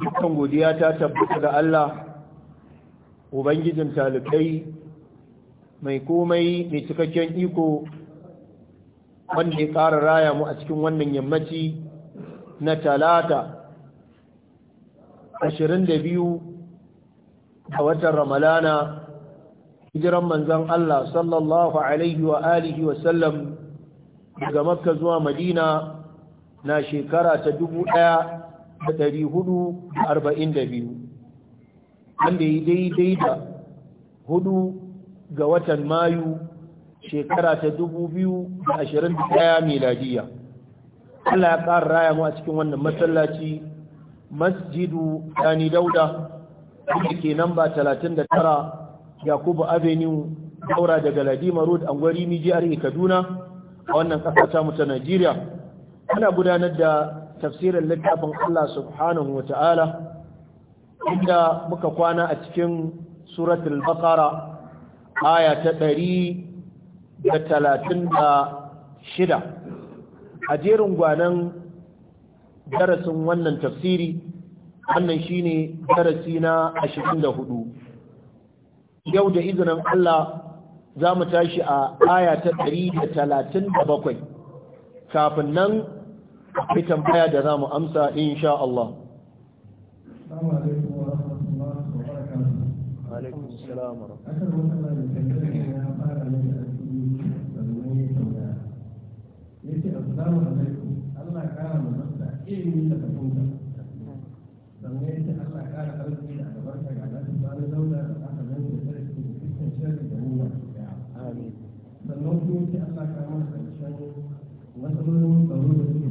dukkan godiya ta tabbata ga Allah ubangijin talibai mai komai mai cikakken iko wanda ya ƙara raya mu a cikin wannan yammaci na talata 22 a watan ramalana hijiran manzan Allah sallallahu alaihi wa alihi daga makka zuwa madina na shekara ta dubu ɗaya. da hudu da arba'in da biyu wanda ya daidai da hudu ga watan mayu shekara ta dubu ashirin da ɗaya miladiya Allah ya ƙara raya mu a cikin wannan masallaci masjidu yani dauda wanda ke nan talatin da tara yakubu avenue daura daga ladima road gwari mijiyar kaduna a wannan ƙasa ta mu ta najeriya ana gudanar da tafsirin littafin Allah subhanahu wa ta'ala inda muka kwana a cikin suratul baqara aya ta ɗari da talatin da shida a jerin gwanan darasin wannan tafsiri wannan shine darasi na ashirin da hudu yau da izinin Allah za mu tashi a aya ta ɗari da talatin da bakwai kafin nan akwai tambaya da zamu amsa insha Allah Allah kara mazarta ilimi da fahimta sannan ya Allah kara arziki da albarka ga nasu bani zauna da aka da sarki da dukkan shirka da mu masu sannan kuma ce Allah kara mazarta matsalolin tsaro da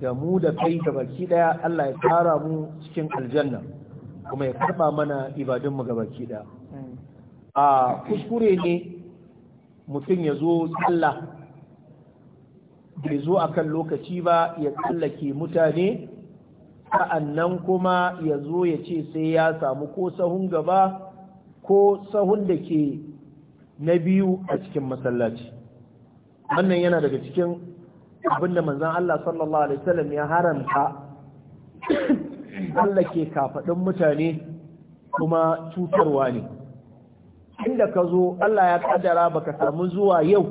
da mu da kai da baki daya Allah ya tara mu cikin aljanna kuma ya karba mana ibadunmu ga baki daya a kuskure ne mutum ya zo tsalla bai zo a kan lokaci ba ya tsallake mutane sa'annan kuma ya zo ya ce sai ya samu ko sahun gaba ko sahun da ke na biyu a cikin masallaci wannan yana daga cikin abinda manzon Allah sallallahu alaihi wasallam ya haramta Allah ke kafadin mutane kuma cutarwa ne inda ka zo Allah ya kaddara baka samu zuwa yau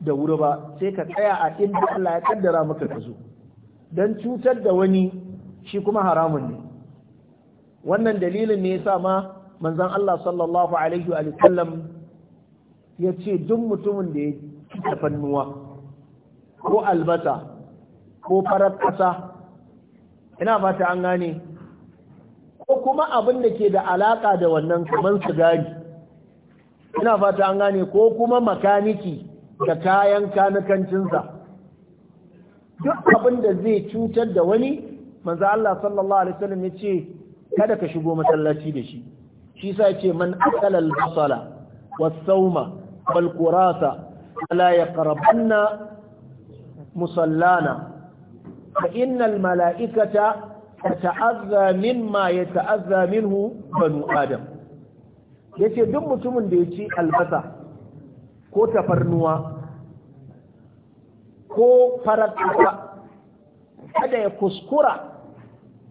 da wuri ba sai ka tsaya a inda Allah ya kaddara maka ka zo dan cutar da wani shi kuma haramun ne wannan dalilin ne yasa ma manzon Allah sallallahu alaihi wa ya ce duk mutumin da ya tafannuwa ko albasa ko farar ƙasa ina fata an gane ko kuma abin da ke da alaƙa da wannan kamar sigari ina fata an gane ko kuma makaniki da kayan kanukancinsa duk abin da zai cutar da wani manzo Allah sallallahu alaihi wasallam ya ce kada ka shigo masallaci da shi shi sa ce man akala al-basala was-sawma wal-qurasa la yaqrabanna musallana fa innal mala'ikata tata'azza mimma yata'azza minhu banu adam yace duk mutumin da ya ci albasa ko tafarnuwa ko farar kada ya kuskura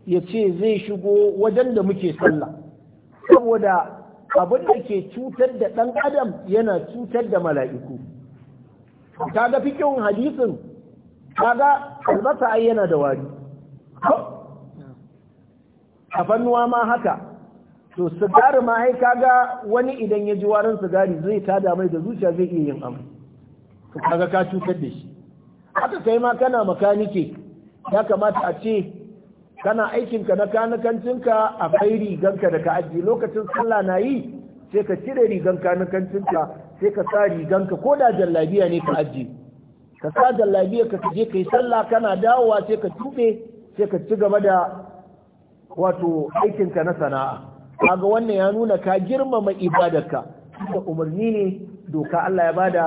ya ce zai shigo wajen da muke sallah saboda abin da ke cutar da ɗan adam yana cutar da mala'iku ta ga fikin hadisin kaga albasa ai yana da wari A fannuwa ma haka to sigari ma ai kaga wani idan ya ji warin sigari zai tada mai da zuciya zai iya yin abu to kaga ka cutar da shi haka kai ma kana makanike ya kamata a ce kana aikinka na a kai riganka da ka ajiye lokacin sallah na yi sai ka cire rigan kanakancinka sai ka sa riganka ko da jallabiya ne ka ajiye ka sa labiya ka je ka yi sallah kana dawowa sai ka tube sai ka ci gaba da wato aikinka na sana'a kaga wannan ya nuna ka girmama ibadarka ka umarni ne doka Allah ya bada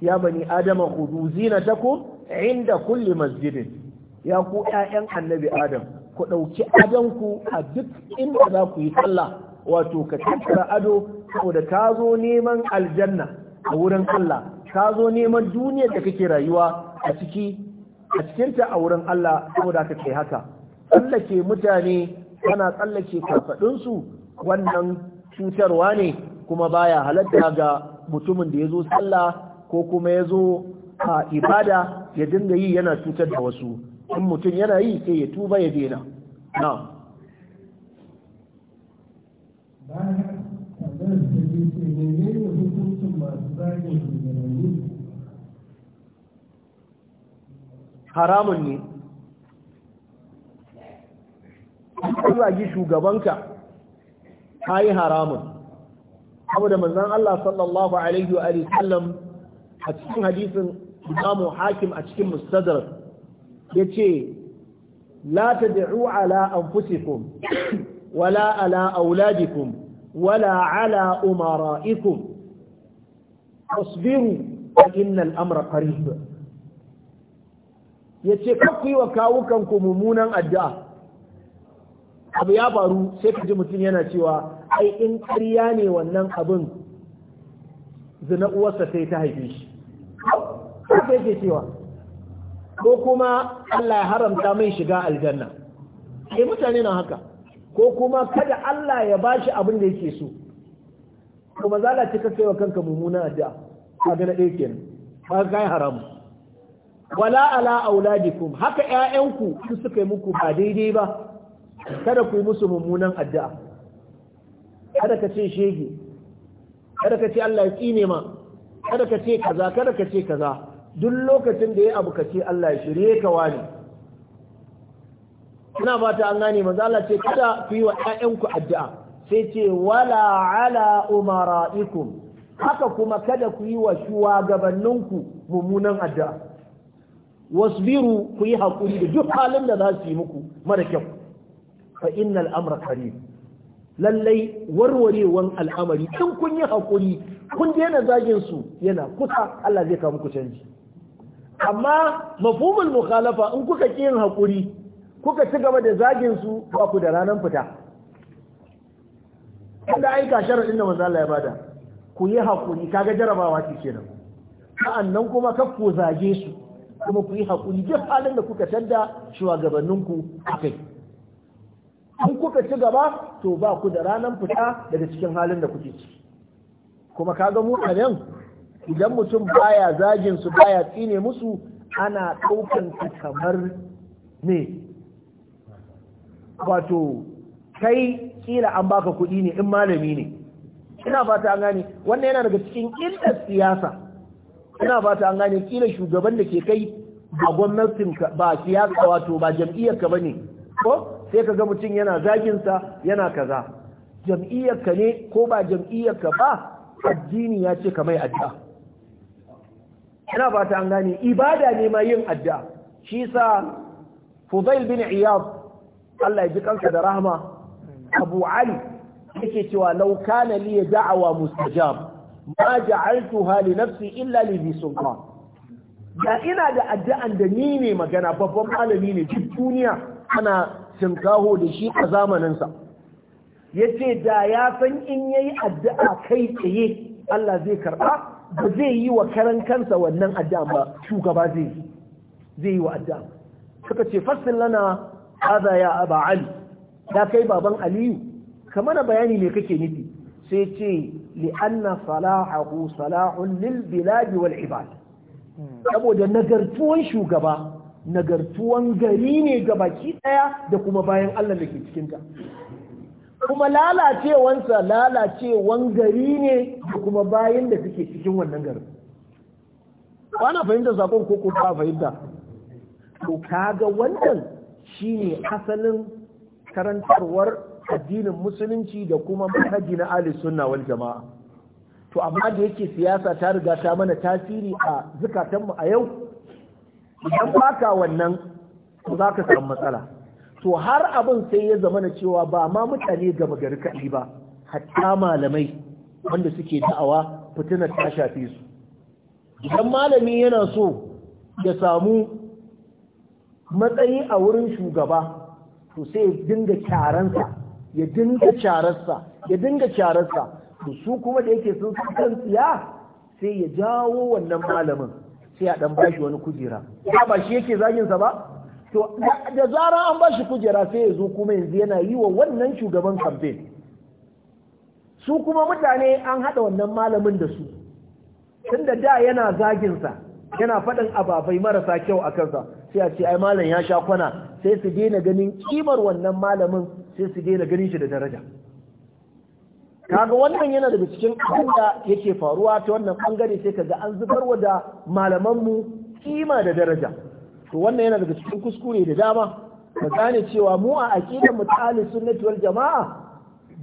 ya bani adama khudu ku inda kulli masjidin ya ku ƴaƴan annabi adam ku ɗauki adonku a duk inda za ku yi sallah wato ka tattara ado saboda ka zo neman aljanna a wurin Allah ka zo neman duniyar da kake rayuwa a ciki a cikinta a wurin Allah saboda ka kai haka tsallake mutane kana tsallake su wannan cutarwa ne kuma baya halatta ga mutumin da ya zo sallah ko kuma ya zo a ibada ya dinga yi yana cutar da wasu in mutum yana yi sai ya tuba ya daina na bayan haramun ne an zagi shugabanka ka yi haramun saboda manzon Allah sallallahu alaihi wa sallam a cikin hadisin imamu hakim a cikin Ya ce, la tad'u ala anfusikum wala ala auladikum wala ala umara'ikum اصبروا فإن الأمر قريب ya ce ku yi wa kawukanku mummunan addu'a abu ya faru sai ka ji mutum yana cewa ai in ƙarya ne wannan abin zina uwarsa sai ta haife shi kuma yake cewa ko kuma Allah ya haramta mai shiga aljanna eh mutane na haka ko kuma kada Allah ya bashi abin da yake so kuma zala ka kai wa kanka mummunan addu'a Ba gana ɗaya kenan ka kai haramu wala ala auladikum haka ƴaƴanku su suka yi muku ba daidai ba kada ku yi musu mummunan addu'a kada ka ce shege kada ka ce Allah ya tsine ma kada ka ce kaza kada ka ce kaza duk lokacin da ya abu ka ce Allah ya shirye ka wani ina fata an gane manzo Allah ce kada ku yi wa ƴaƴanku addu'a sai ce wala ala umara'ikum haka kuma kada ku yi wa shuwagabanninku mummunan addu'a wasbiru ku yi hakuri da duk halin da za su yi muku mara kyau fa innal amra qarib lallai warwarewan al'amari in kun yi hakuri kun daina zagin su yana kusa Allah zai kawo muku canji amma mafhumul mukhalafa in kuka ki yin hakuri kuka ci gaba da zagin su ba ku da ranar fita kada aika sharadin da manzo Allah ya bada ku yi haƙuri kaga jarabawa ce kenan sa'annan kuma kafku zage su kuma ku yi haƙuri duk halin da kuka canza shugabanninku ku kai in kuka ci gaba to ba ku da ranar fita daga cikin halin da kuke ciki kuma kaga mu a nan idan mutum baya zagin su baya tsine musu ana ɗaukan su kamar ne wato kai kila an baka kuɗi ne in malami ne ina fata an gane wannan yana daga cikin illar siyasa ina ba ta an gane kila shugaban da ke kai ba gwamnatin ba siyasa wato ba jam'iyyar ka bane ko sai ka ga mutum yana zagin sa yana kaza jam'iyyar ka ne ko ba jam'iyyar ka ba addini ya ce ka mai addu'a ina ba ta an gane ibada ne ma yin addu'a shi sa Fudail bin Iyad Allah ya ji kansa da rahama Abu Ali yake cewa law kana li da'awa mustajab ma ja'altuha li nafsi illa li bi sultan da ina da addu'an da ni ne magana babban malami ne duk duniya ana tinkaho da shi a zamaninsa yace da ya san in yayi addu'a kai tsaye Allah zai karba ba zai yi wa karan kansa wannan addu'a ba shugaba zai yi zai yi wa addu'a suka ce fassin lana haza ya aba ali da kai baban aliyu kamar bayani ne kake nufi sai ce li'anna salahahu salahun lil biladi wal ibad saboda nagartuwan shugaba nagartuwan gari ne gabaki baki daya da kuma bayan Allah da ke cikinta kuma lalacewansa lalacewan gari ne da kuma bayan da suke cikin wannan garin ana fahimta sakon ko ko ba fahimta to kaga wannan shine asalin karantarwar addinin musulunci da kuma manhaji na ahli sunna wal jama'a to amma da yake siyasa ta riga ta mana tasiri a zukatanmu a yau idan baka wannan to za ka samu matsala to har abin sai ya zama na cewa ba ma mutane gama gari kaɗi ba hatta malamai wanda suke da'awa fitinar ta shafe su idan malami yana so ya samu matsayi a wurin shugaba to sai dinga kyaransa ya dinga cararsa ya dinga cararsa to su kuma da yake sun san kan tsiya sai ya jawo wannan malamin sai a dan bashi wani kujera ba ba shi yake zagin sa ba to da zara an bashi kujera sai ya zo kuma yanzu yana yi wa wannan shugaban campaign su kuma mutane an hada wannan malamin da su tunda da yana zagin sa yana faɗin ababai marasa kyau a kansa sai a ce ai malam ya sha kwana sai su daina ganin kimar wannan malamin sai su daina ganin shi da daraja kaga wannan yana daga cikin abin da yake faruwa ta wannan bangare sai kaga an wa da malamanmu kima da daraja to wannan yana daga cikin kuskure da dama ka gane cewa mu a aqidar mu ta sunnati wal jama'a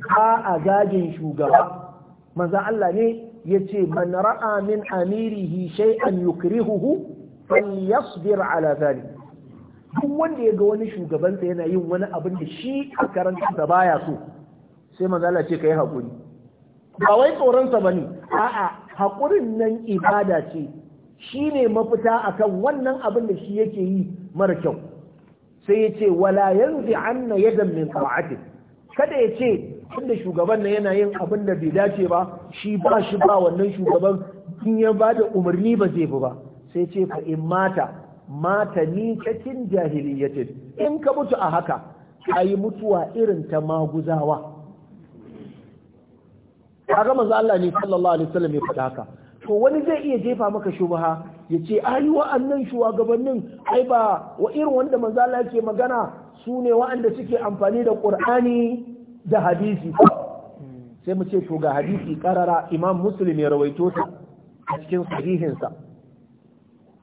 ba a gajin shugaba manzo Allah ne yace man ra'a min amirihi shay'an yukrihuhu falyasbir ala dhalik duk wanda ya ga wani shugabansa yana yin wani abin da shi a karantarsa baya so sai manzala ce ka yi haƙuri ba wai tsoronsa ba ne a'a haƙurin nan ibada ce shi ne mafita a kan wannan abin da shi yake yi mara kyau sai ya ce wala yanzu anna yadda min ta'atin kada ya ce tunda shugaban nan yana yin abin da bai dace ba shi ba shi ba wannan shugaban in ya ba da umarni ba zai bi ba sai ce ka in mata mata ni cikin in ka mutu a haka ayi mutuwa irin ta maguzawa kaga manzo Allah ne sallallahu alaihi wasallam ya faɗa haka to wani zai iya jefa maka shubha ya ce wa wa'annan shugabannin ai ba wa irin wanda manzo Allah yake magana su ne wa'anda suke amfani da Qur'ani da hadisi sai mu ce to ga hadisi karara Imam Muslim ya rawaito ta a cikin sahihinsa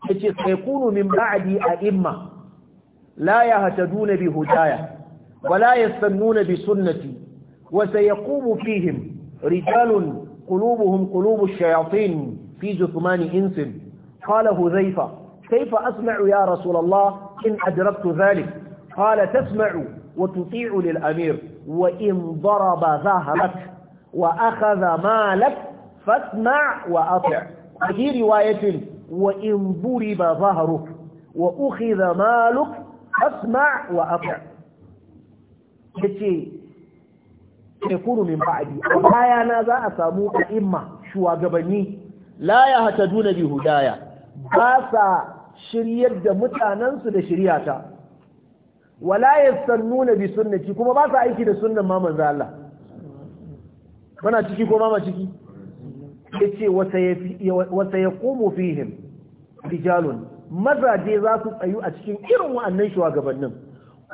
yace sayakunu min ba'di a'imma la yahtaduna bi hudaya wa la yastannuna bi sunnati wa sayaqumu fihim rijalun qulubuhum qulubu ash-shayatin fi juthmani insin qala hudhayfa kayfa asma'u ya rasul Allah in adraktu dhalik qala tasma'u wa tuti'u lil amir wa in daraba dhahrak wa akhadha malak fasma' wa ati' fi riwayatin wa in duriba zahruk wa ukhidha maluk asma' wa ati' yace yakunu min ba'di bayana za a samu imma shugabanni la yahtaduna bi hudaya ba sa shiryar da mutanensu da shiryata wala yastannuna bi sunnati kuma ba sa aiki da sunnan ma manzo Allah ciki ko mama ciki yace wata komo fihim rijalun mazaje za su tsayu a cikin irin wa'annan shugabannin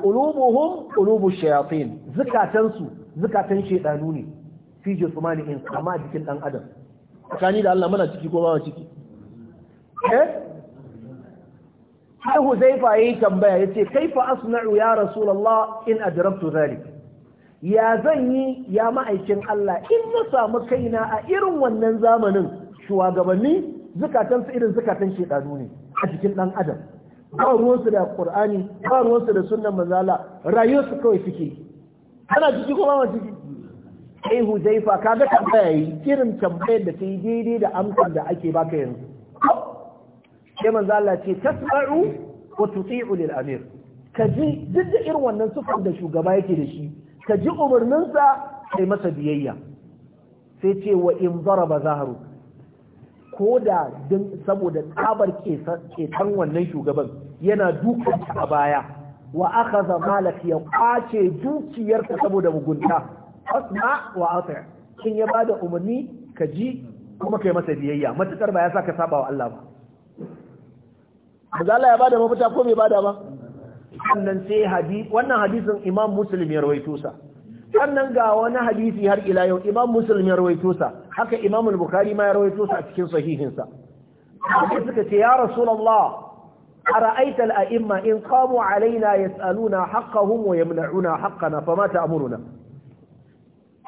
qulubuhum qulubu shayatin zakatansu zakatan shedanu ne fi jismani in kama jikin dan adam tsakani da Allah muna ciki ko ba ciki eh zai Huzaifa yayi tambaya yace kaifa asna'u ya rasulullah in adrabtu zalika ya zan yi ya ma'aikin Allah in na samu kaina a irin wannan zamanin shugabanni su irin zukatan shekaru ne a cikin dan adam ba ruwansu da qur'ani ba ruwansu da sunnan manzala rayuwarsu kawai suke ana ciki kuma ba ciki sai huzaifa kaga tambaya yi irin tambayar da ta yi daidai da amsar da ake baka yanzu sai manzala ce tasma'u wa tuti'u lil amir ka duk da irin wannan sufar da shugaba yake da shi ka ji umarninsa kai masa biyayya sai ce wa in zaraba zaharu ko da saboda tsabar ketan wannan shugaban yana dukanta a baya wa aka zama ya kwace dukiyarka saboda mugunta asma wa asir in ya bada umarni ka ji kuma kai masa biyayya matukar ba ya sa ka saba wa Allah ba Allah ya bada mafita ko bai bada ba sannan sai hadisi wannan hadisin imam muslim ya rawaito sa sannan ga wani hadisi har ila yau imam muslim ya rawaito sa haka imam bukhari ma ya rawaito sa a cikin sahihin sa sai suka ce ya rasulullah ara'aita al-a'imma in qamu alaina yas'aluna haqqahum wa yamna'una haqqana fama ta'muruna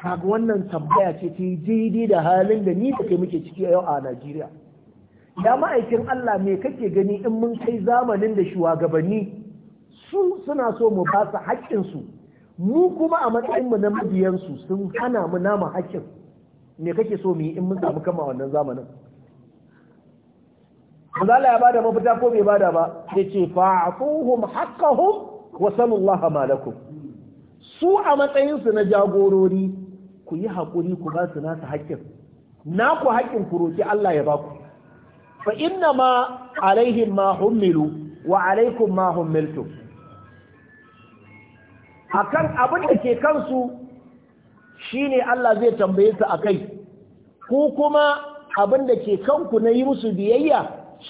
kaga wannan tambaya ce ta daidai da halin da ni take muke ciki a yau a Najeriya ya ma'aikin Allah me kake gani in mun kai zamanin da shugabanni su suna so mu ba su haƙƙinsu mu kuma a matsayin mu na mabiyansu sun hana mu nama haƙƙin me kake so mu yi in mun samu kama wannan zamanin Allah ya bada mafita ko bai bada ba ya ce fa'atuhum haqqahum wa sallallahu ma lakum su a matsayin su na jagorori ku yi hakuri ku ba su nasu haƙƙin na ku haƙƙin ku roki Allah ya baku fa inna ma alaihim ma hummilu wa alaikum ma hummiltum akan abin da ke kansu shi ne Allah zai tambaye su akai ko kuma abin da ke kanku na yi musu biyayya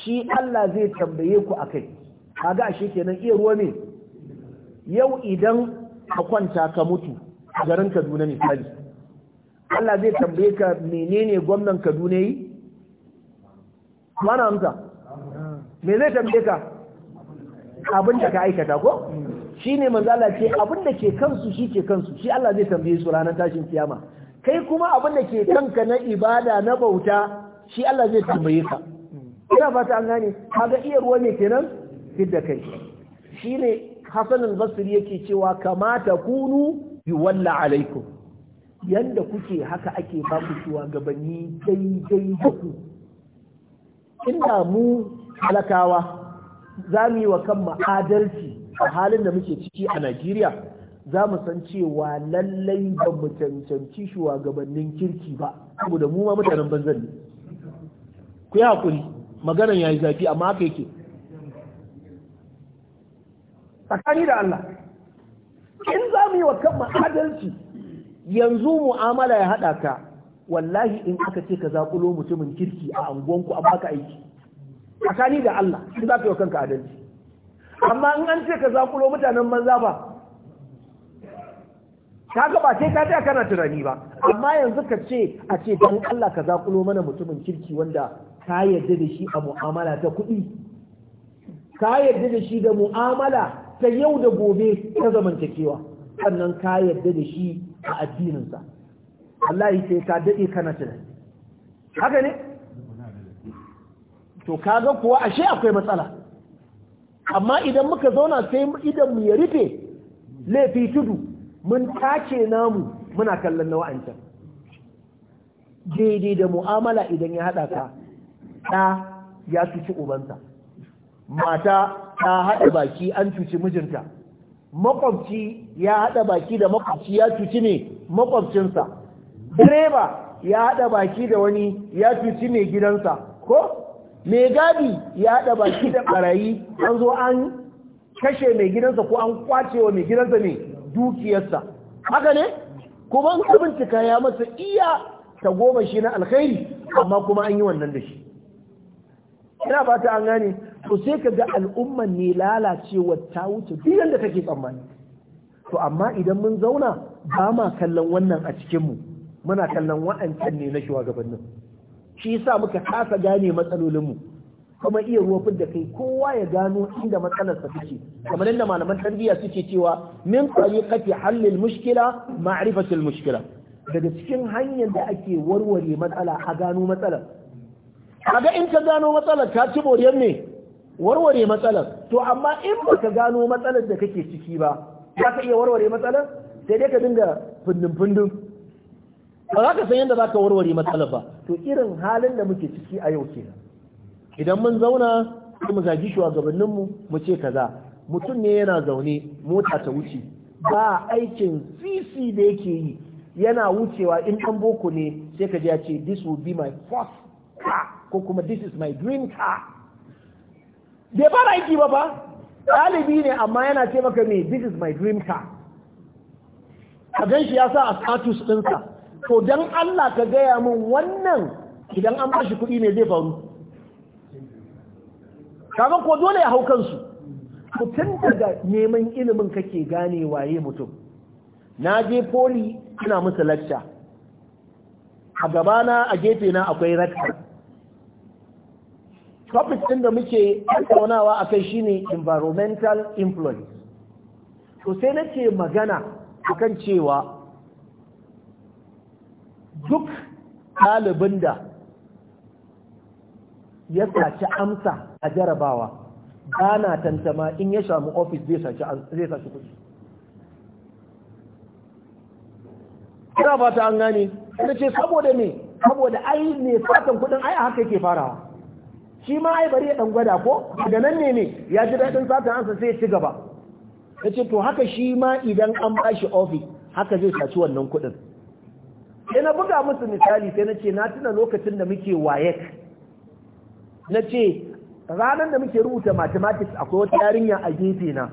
shi Allah zai tambaye ku akai kaga ashe kenan iya ruwa ne yau idan ka kwanta ka mutu a garin Kaduna misali Allah zai tambaye ka menene gwamnan Kaduna yi mana amsa me zai tambaye ka abin da ka aikata ko Shi ne Allah ce abin da ke kansu shi ke kansu shi Allah zai tambaye su ranar tashin kiyama kai kuma abin da ke kanka na ibada na bauta shi Allah zai tambaye ka ina fata an gane kaga iya ruwa ne kenan fidda kai Shi ne Hassan al-Basri yake cewa kamata kunu yuwalla alaikum yanda kuke haka ake ba ku gabanni daidai da ku inda mu halakawa. za mu yi wa kan adalci a halin da muke ciki a Najeriya za mu san cewa lallai ba mu cancanci shugabannin kirki ba saboda mu ma mutanen banzan ne ku yi hakuri maganan yayi zafi amma haka yake tsakani da Allah in za mu yi wa kanmu adalci yanzu mu'amala ya haɗa ka wallahi in aka ce ka zaƙulo mutumin kirki a anguwanku a baka aiki tsakani da Allah in za ka yi wa kanka adalci amma in an ce ka zakulo mutanen banza ba ta ga ba sai ka kana tunani ba amma yanzu ka ce a ce dan Allah ka zakulo mana mutumin kirki wanda ka yarda da shi a mu'amala ta kuɗi ka yarda da shi da mu'amala ta yau da gobe ta zamantakewa sannan ka yarda da shi a addininsa wallahi sai ka daɗe kana tunani haka ne to kaga kuwa ashe akwai matsala amma idan muka zauna sai idan mu ya rufe laifi tudu mun tace namu muna kallon na wa'ancan daidai da mu'amala idan ya haɗa ka ɗa ya cuci ubansa mata ta haɗa baki an cuci mijinta makwabci ya haɗa baki da makwabci ya cuci ne makwabcinsa direba ya haɗa baki da wani ya cuci mai gidansa ko mai gadi ya haɗa baki da ɓarayi an zo an kashe mai gidansa ko an kwace wa mai gidansa ne dukiyarsa haka ne kuma an ka bincika ya masa iya ta goma shi na alkhairi amma kuma an yi wannan da shi ina ta an gane to sai ka ga al'umman ne lalacewa ta wuce duk da kake tsammani to amma idan mun zauna ba ma kallon wannan a cikinmu muna kallon wa'ancan ne na shugabannin shi yasa muka kasa gane matsalolinmu kuma iya ruwa da kai kowa ya gano inda matsalarsa take kamar yadda malaman tarbiyya suke cewa min tariqati hallil mushkila ma'rifatul mushkila daga cikin hanyar da ake warware matsala a gano matsalar kaga in ka gano matsalar ka ci boriyar ne warware matsalar to amma in baka gano matsalar da kake ciki ba za ka iya warware matsalar sai dai ka dinga fundin fundin ba za ka san yadda za ka warware matsalar ba to irin halin da muke ciki a yau ke. idan mun zauna mu zagi shugabanninmu mu ce kaza mutum ne yana zaune mota ta wuce ba aikin sisi da yake yi yana wucewa in ɗan boko ne sai ka ji ya ce this will be my first car ko kuma this is my dream car bai fara aiki ba ba ɗalibi ne amma yana ce maka me this is my dream car a gan shi ya sa a status ɗinsa to dan Allah ka gaya min wannan idan an bashi kuɗi ne zai faru kaga ko dole ya hau kansu mutum daga neman ilimin kake gane waye mutum na je poli ina musu lacca a gabana a gefe na akwai rakka topic ɗin da muke tattaunawa a kai shine environmental influence to sai nake magana akan cewa duk ɗalibin da ya saci amsa a jarabawa ba na tantama in ya samu ofis zai saci kuɗi Kira ba ta an gane Ina ce saboda me saboda ai ne fatan kuɗin ai a haka yake farawa shi ma ai bari ya ɗan gwada ko daga nan ne ne ya ji daɗin satan ansa sai ya ci gaba Ina ce to haka shi ma idan an bashi ofis haka zai saci wannan kuɗin sai na buga musu misali sai na ce na tuna lokacin da muke wayek na ce ranar da muke rubuta mathematics akwai wata yarinya a gefe na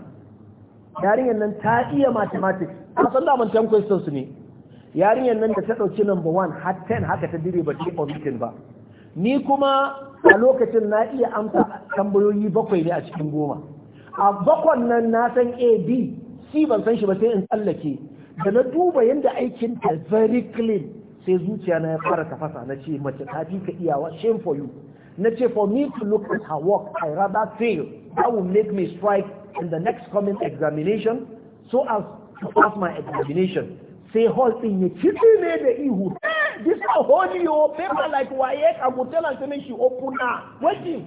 yarinyar nan ta iya mathematics a san daman ten questions ne yarinyar nan da ta ɗauki number one har ten haka ta dire ba ta omitin ba ni kuma a lokacin na iya amsa tambayoyi bakwai ne a cikin goma a bakwan nan na san a b c ban san shi ba sai in tsallake da na duba yadda aikin ta very clean sai zuciya na ya fara tafasa na ce mace ta fi ka iyawa shame for you na ce for me to look at her work I rather fail that will make me strike in the next coming examination so as to pass my examination sai hall din ya kiɗi ne da ihu this is holy o oh, paper like waye I go tell her make she open na wetin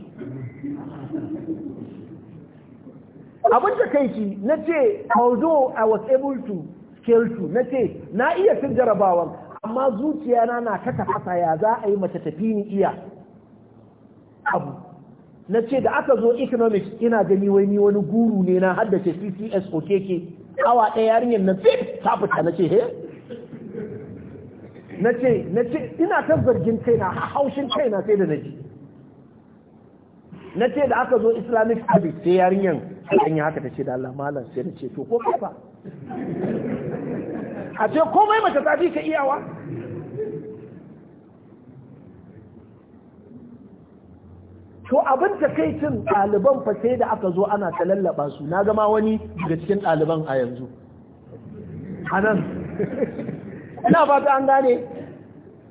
abin da na ce although I was able to keltu na ce na iya cin jarabawan amma zuciyana na ta tafasa ya za a yi mace tafi ni iya abu na ce da aka zo economics ina gani wai ni wani guru ne na haddace ccs keke awa ɗaya yarinyar na ce ta fita na ce he na ce na ce ina ta zargin kaina haushin kaina sai da na ji na ce da aka zo islamic studies sai yarinyar an yi haka ta ce da Allah malam sai da ce to ko kafa a ce komai mace ta fi ka iyawa to abin ta kai cin ɗaliban fa sai da aka zo ana ta lallaba su na gama wani daga cikin ɗaliban a yanzu a nan ina fata an gane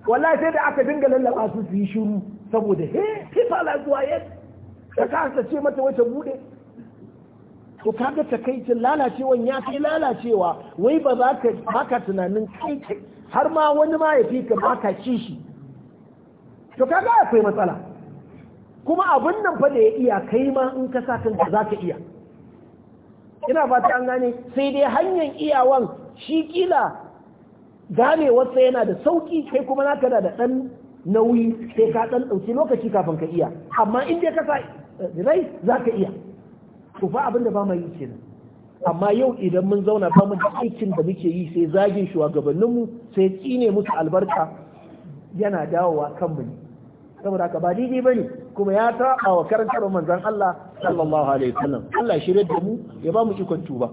wallahi sai da aka dinga lallaba su su yi shiru saboda he people like wayet ka kasa ce mata wace bude to kaga takaicin lalacewan ya kai lalacewa wai ba za ka baka tunanin kai har ma wani ma ya fi ka baka ci shi to kaga akwai matsala kuma abin nan fa da ya iya kai ma in ka sa kanka za ka iya ina ta an gane sai dai hanyar iyawan shi kila gane wasa yana da sauki kai kuma naka da dan nauyi sai ka dan dauki lokaci kafin ka iya amma in dai ka sa rai eh, za ka iya to fa abin da ba mai yi kenan amma yau idan mun zauna ba mu da aikin da muke yi sai zagin mu sai tsine musu albarka yana dawowa kan ne saboda haka ba daidai bane kuma ya taɓa wa karantar manzon Allah sallallahu alaihi wasallam Allah shirye da mu ya ba mu ikon tuba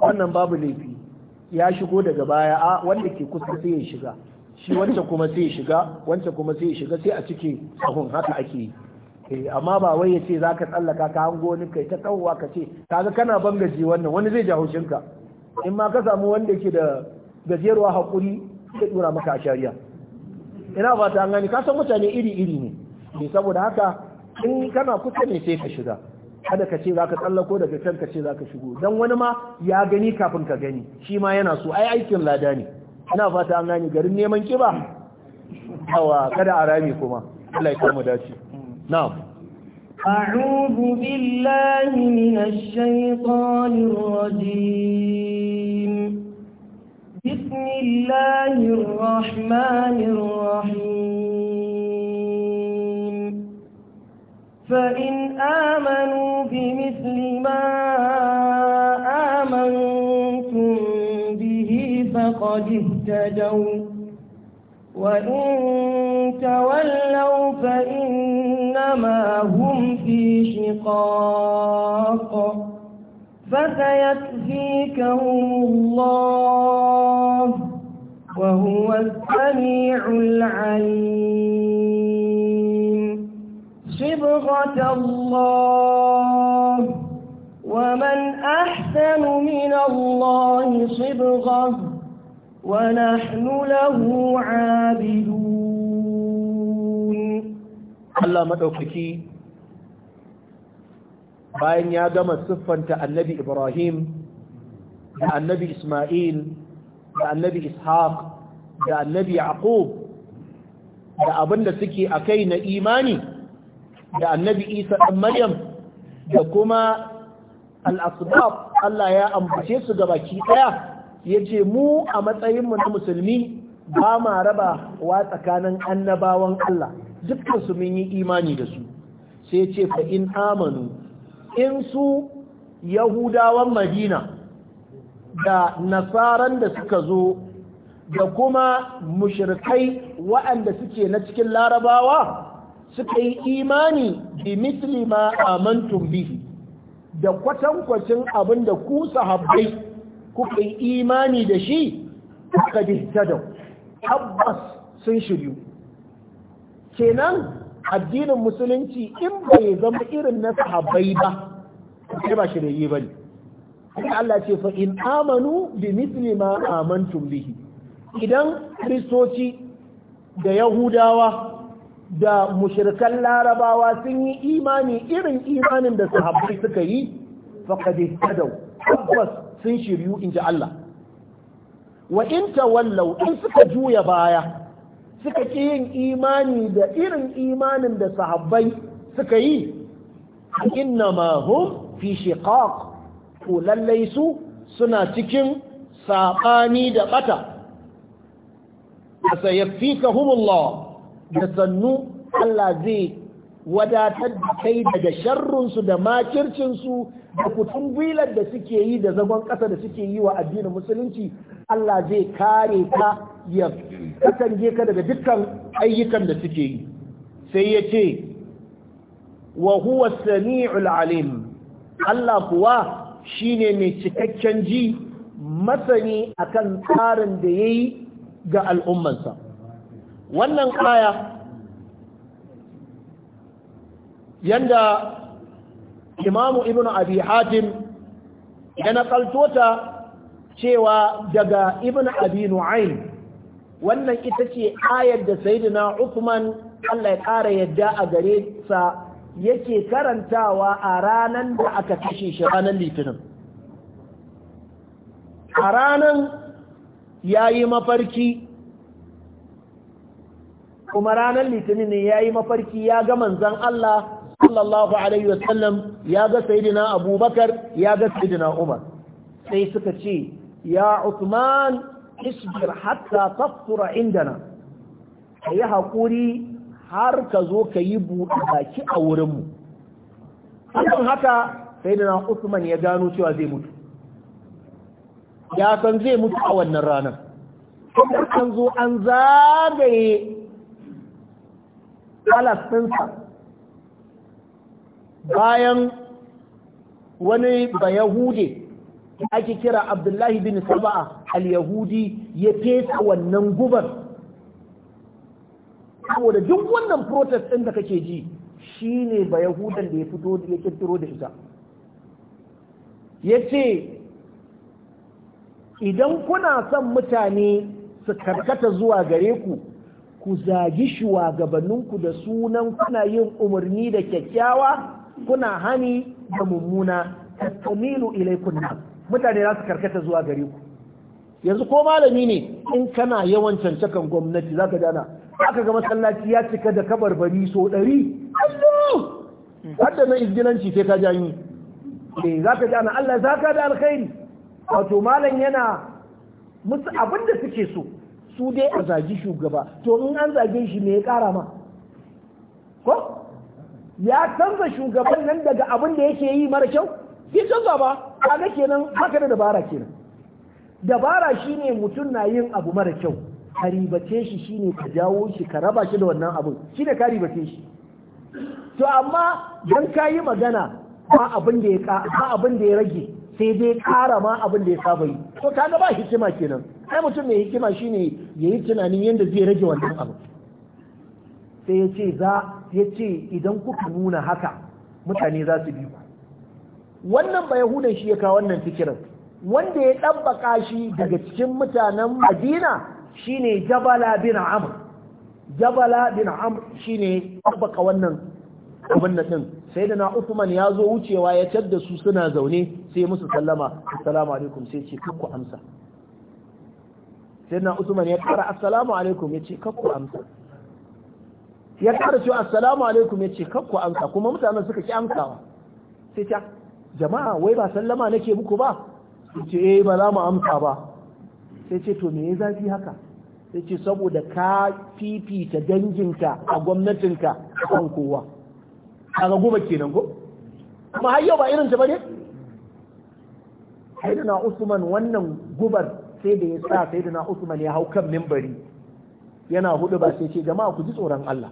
wannan babu laifi ya shigo daga baya a wanda ke kusa sai ya shiga shi wancan kuma sai ya shiga wancan kuma sai ya shiga sai a cike sahun haka ake yi eh, amma ba wai ya ce za tsallaka ka hango ni kai ta kawowa ka ce kaga kana ban gaji wannan wani zai ja ka in ma ka samu wanda ke da gajeruwa hakuri zai dora maka a shari'a ina fata an gani ka san mutane iri iri ne eh, saboda haka in kana kusa ne sai ka shiga kada ka ce za ka tsallako daga can ka ce za ka shigo don wani ma ya gani kafin ka gani shi ma yana so ai aikin lada ne ina fata an gani garin neman kiba hawa kada a rami kuma Allah ya kama dace na'am أعوذ بالله من الشيطان الرجيم بسم الله الرحمن فإن آمنوا بمثل ما آمنتم به فقد اهتدوا وإن تولوا فإنما هم في شقاق فسيكفيكهم الله وهو السميع العليم صبغة الله ومن أحسن من الله صبغة ونحن له عابدون الله مدوكي bayan ya gama siffanta annabi Ibrahim da annabi Ismail da annabi Ishaq da annabi Yaqub da abinda da suke akai na imani da annabi isa ɗan maryam da kuma al'asbab Allah ya ambace su ga baki ɗaya ya ce mu a matsayinmu na musulmi ba ma raba wa tsakanin annabawan Allah dukkansu mun yi imani da su sai ce fa in amanu in su yahudawan madina da nasaran da suka zo da kuma mushrikai waɗanda suke na cikin larabawa suka yi imani bi misli ma amantum bihi da kwatankwacin abin da ku sahabbai kuka yi imani da shi suka dihtadau tabbas sun shiryu kenan addinin musulunci in bai zama irin na sahabbai ba sai ba shirye bane Allah ce fa in amanu bi misli ma amantum bihi idan kristoci da yahudawa da mushirikan larabawa sun yi imani irin imanin da sahabbai suka yi faƙaɗe tadau tabbas sun shiryu in ji Allah wa in tawallau in suka juya baya suka ƙi yin imani da irin imanin da sahabbai suka yi inna ma fi shiqaq lallai su suna cikin saɓani da ɓata a sayafika humullah da sannu Allah zai wadatar da kai daga sharrunsu da makircinsu da kutun da suke yi da zagon ƙasa da suke yi wa addinin musulunci Allah zai kare ka ya katange ka daga dukkan ayyukan da suke yi sai ya ce wa huwa sami'ul alim Allah kuwa shine mai cikakken ji masani akan tsarin da yayi ga al'ummansa wannan aya yanda imamu ibn abi hatim ya nakalto ta cewa daga ibn abi nu'aym wannan ita ce ayar da sayyidina Uthman Allah ya ƙara yadda a gare sa yake karantawa a ranan da aka kashe shi ranan litinin a ranan yayi mafarki kuma ranar litinin ne ya yi mafarki ya ga manzan Allah sallallahu alaihi wasallam ya ga sayidina abubakar ya ga sayidina umar sai suka ce ya Uthman isbir hatta tafsura indana ka yi haƙuri har ka zo ka yi buɗe baki a wurinmu hakan haka sayidina Uthman ya gano cewa zai mutu ya san zai mutu a wannan ranar an zo an zagaye balas bayan wani Bayahudi da ake kira abdullahi bin saba'a al-yahudi ya fesa wannan gubar saboda duk wannan protest ɗin da kake ji shi shine bayahudan da ya fito da ya kirkiro da ita ya ce idan kuna son mutane su karkata zuwa gare ku ku zagi shugabanninku da sunan kuna yin umarni da kyakkyawa kuna hani da mummuna tamilu ilaikun nan mutane za su karkata zuwa gare ku yanzu ko malami ne in kana yawan cancakan gwamnati zaka dana aka ga masallaci ya cika da kabarbari so ɗari hadda na izgilanci sai ka janyi eh ka dana Allah za ka da alkhairi wato malam yana musu abin suke so su dai a zagi shugaba to in an zage shi me ya kara ma ko ya canza shugaban nan daga abin da yake yi mara kyau bai canza ba kaga kenan haka da dabara kenan dabara shine mutum na yin abu mara kyau ka ribace shi shine ka jawo shi ka raba shi da wannan abin shine ka ribace shi to amma dan ka yi magana ba abin da ya rage sai dai kara ma abin da ya saba yi to kaga ba hikima kenan ai mutum mai hikima shine yi tunanin yadda zai rage wannan abu sai ya ce za ya ce idan kuka nuna haka mutane za su bi ku wannan ba yahudan shi ya kawo wannan fikirar wanda ya ɗabbaka shi daga cikin mutanen madina shine jabala bin amr jabala bin amr shine ɗabbaka wannan abin da din sai da na Uthman ya zo wucewa ya da su suna zaune sai musu sallama assalamu alaikum sai ce ku amsa sai usman ya kara assalamu alaikum ya ce kakku amsa ya kara cewa assalamu alaikum ya ce kakku amsa kuma mutanen suka ki amsawa sai ta jama'a wai ba sallama nake muku ba sai ce eh ba za mu amsa ba sai ce to me ya zafi haka sai ce saboda ka fifita danginka a gwamnatinka kan kowa a goma kenan ko kuma har yau ba irin ta bane sai na usman wannan gubar sai da ya sa sai na Usman ya hau kan mimbari yana hudu ba sai ce jama'a ku ji tsoron Allah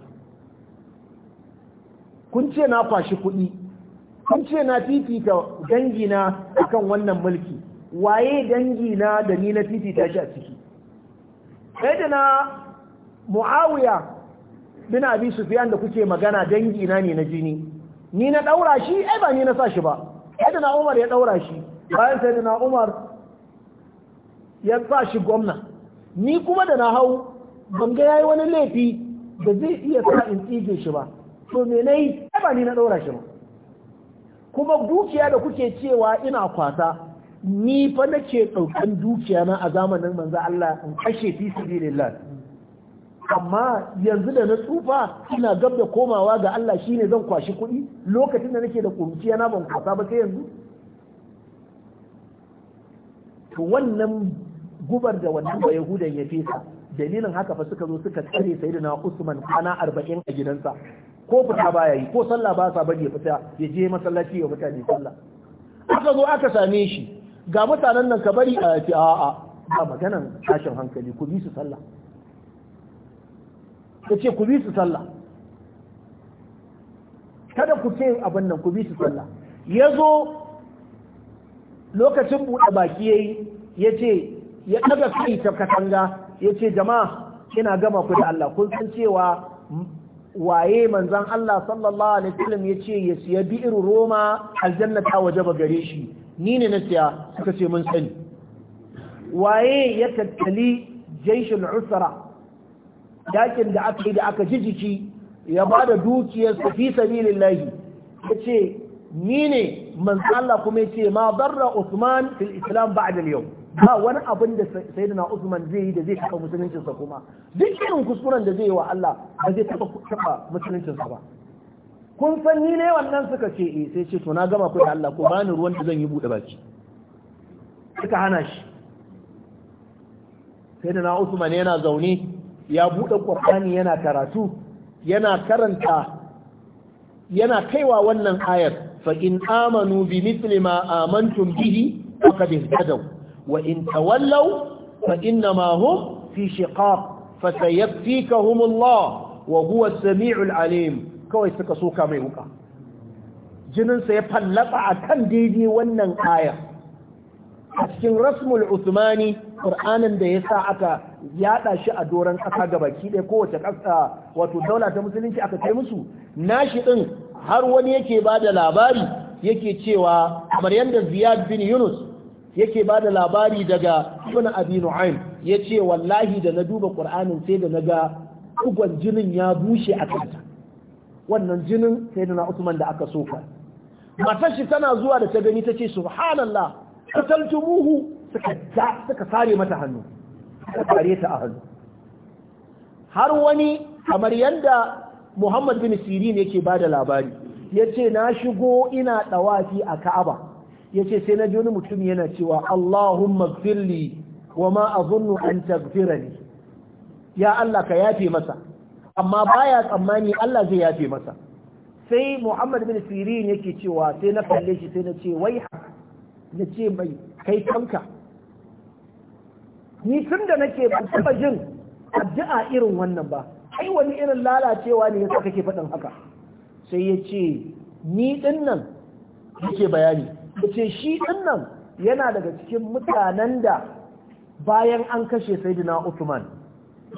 kun ce na kwashi kuɗi kun ce na fifita dangina akan wannan mulki waye dangina da ni na fifita shi a ciki sai na mu'awiya bin abi sufyan da kuke magana dangina ne na jini ni na daura shi ai ba ni na sa shi ba sai na umar ya daura shi bayan sai da na umar ya sa shi gwamna ni kuma da na hau ban ga yayi wani laifi da zai iya sa in tsige shi ba to me nayi ba ni na daura shi ba kuma dukiya da kuke cewa ina kwasa ni fa nake daukan dukiya na a zamanin manzo Allah in kashe fi sabilillah amma yanzu da na tsufa ina gab da komawa ga Allah shine zan kwashi kuɗi lokacin da nake da kuruciya na ban kwasa ba sai yanzu to wannan gubar da wannan ba yahudan ya fesa dalilin haka fa suka zo suka tsare sayyidina usman kana 40 a gidansa ko fita baya yi ko sallah ba sa bari ya fita ya je masallaci ya mutane sallah aka zo aka same shi ga mutanen nan ka bari a ce a'a ba maganan tashin hankali ku bi su sallah ka ce ku bi su sallah kada ku ce abin nan ku bi su sallah ya zo lokacin buɗe baki ya yi ya ce ya ɗaga kai ta katanga ya ce jama'a ina gama ku da Allah kun san cewa waye manzan Allah sallallahu alaihi wasallam ya ce ya siya bi'ir Roma aljanna ta ba gare shi ni ne na siya suka ce mun sani waye ya tattali jaishul usra yakin da aka yi da aka jijiki ya ba da dukiyar sa fi sabilillahi ya ce ni ne manzan Allah kuma ya ce ma barra Usman fil Islam ba'da al-yawm ba wani abin da sayyidina Usman zai yi da zai taba musuluncinsa, kuma duk irin kuskuren da zai yi wa Allah ba zai taba musuluncinsa ba kun san ni ne wannan suka ce eh sai ce to na gama da Allah ko bani ruwan da zan yi bude baki suka hana shi sayyidina Usman yana zaune ya bude Qur'ani yana karatu yana karanta yana kaiwa wannan ayar fa in amanu bi mithli ma amantum bihi faqad ihtadaw wa in tawallaw fa innama hum fi shiqaq fasayakfikahum Allah wa huwa samiul alim kawai suka soka mai wuƙa. jininsa ya a kan daidai wannan aya a cikin rasmul usmani qur'anin da yasa aka yada shi a doran kasa gabaki ɗaya kowace kasa wato daula ta musulunci aka kai musu nashi din har wani yake bada labari yake cewa kamar yanda Ziyad bin Yunus yake ba da labari daga ibn abi nu'aym yace wallahi da na duba qur'anin sai da naga ugon jinin ya bushe a kanta wannan jinin sai da na usman da aka soka matar shi tana zuwa da ta gani tace subhanallah qataltumuhu suka suka sare mata hannu suka sare ta a hannu har wani kamar yadda Muhammad bin Sirin yake ba da labari yace na shigo ina dawafi a Ka'aba yace sai na ji wani mutum yana cewa Allahumma gfirli wa ma azunnu an taghfirani ya Allah ka yafe masa amma baya tsammani Allah zai yafe masa sai Muhammad bin Sirin yake cewa sai na kalle shi sai na ce wai na ce mai kai kanka ni tun da nake ba taba jin addu'a irin wannan ba ai wani irin lalacewa ne yasa kake faɗin haka sai ya ce ni din nan yake bayani Yace ce shi dinnan yana daga cikin mutanen da bayan an kashe sayyidina Uthman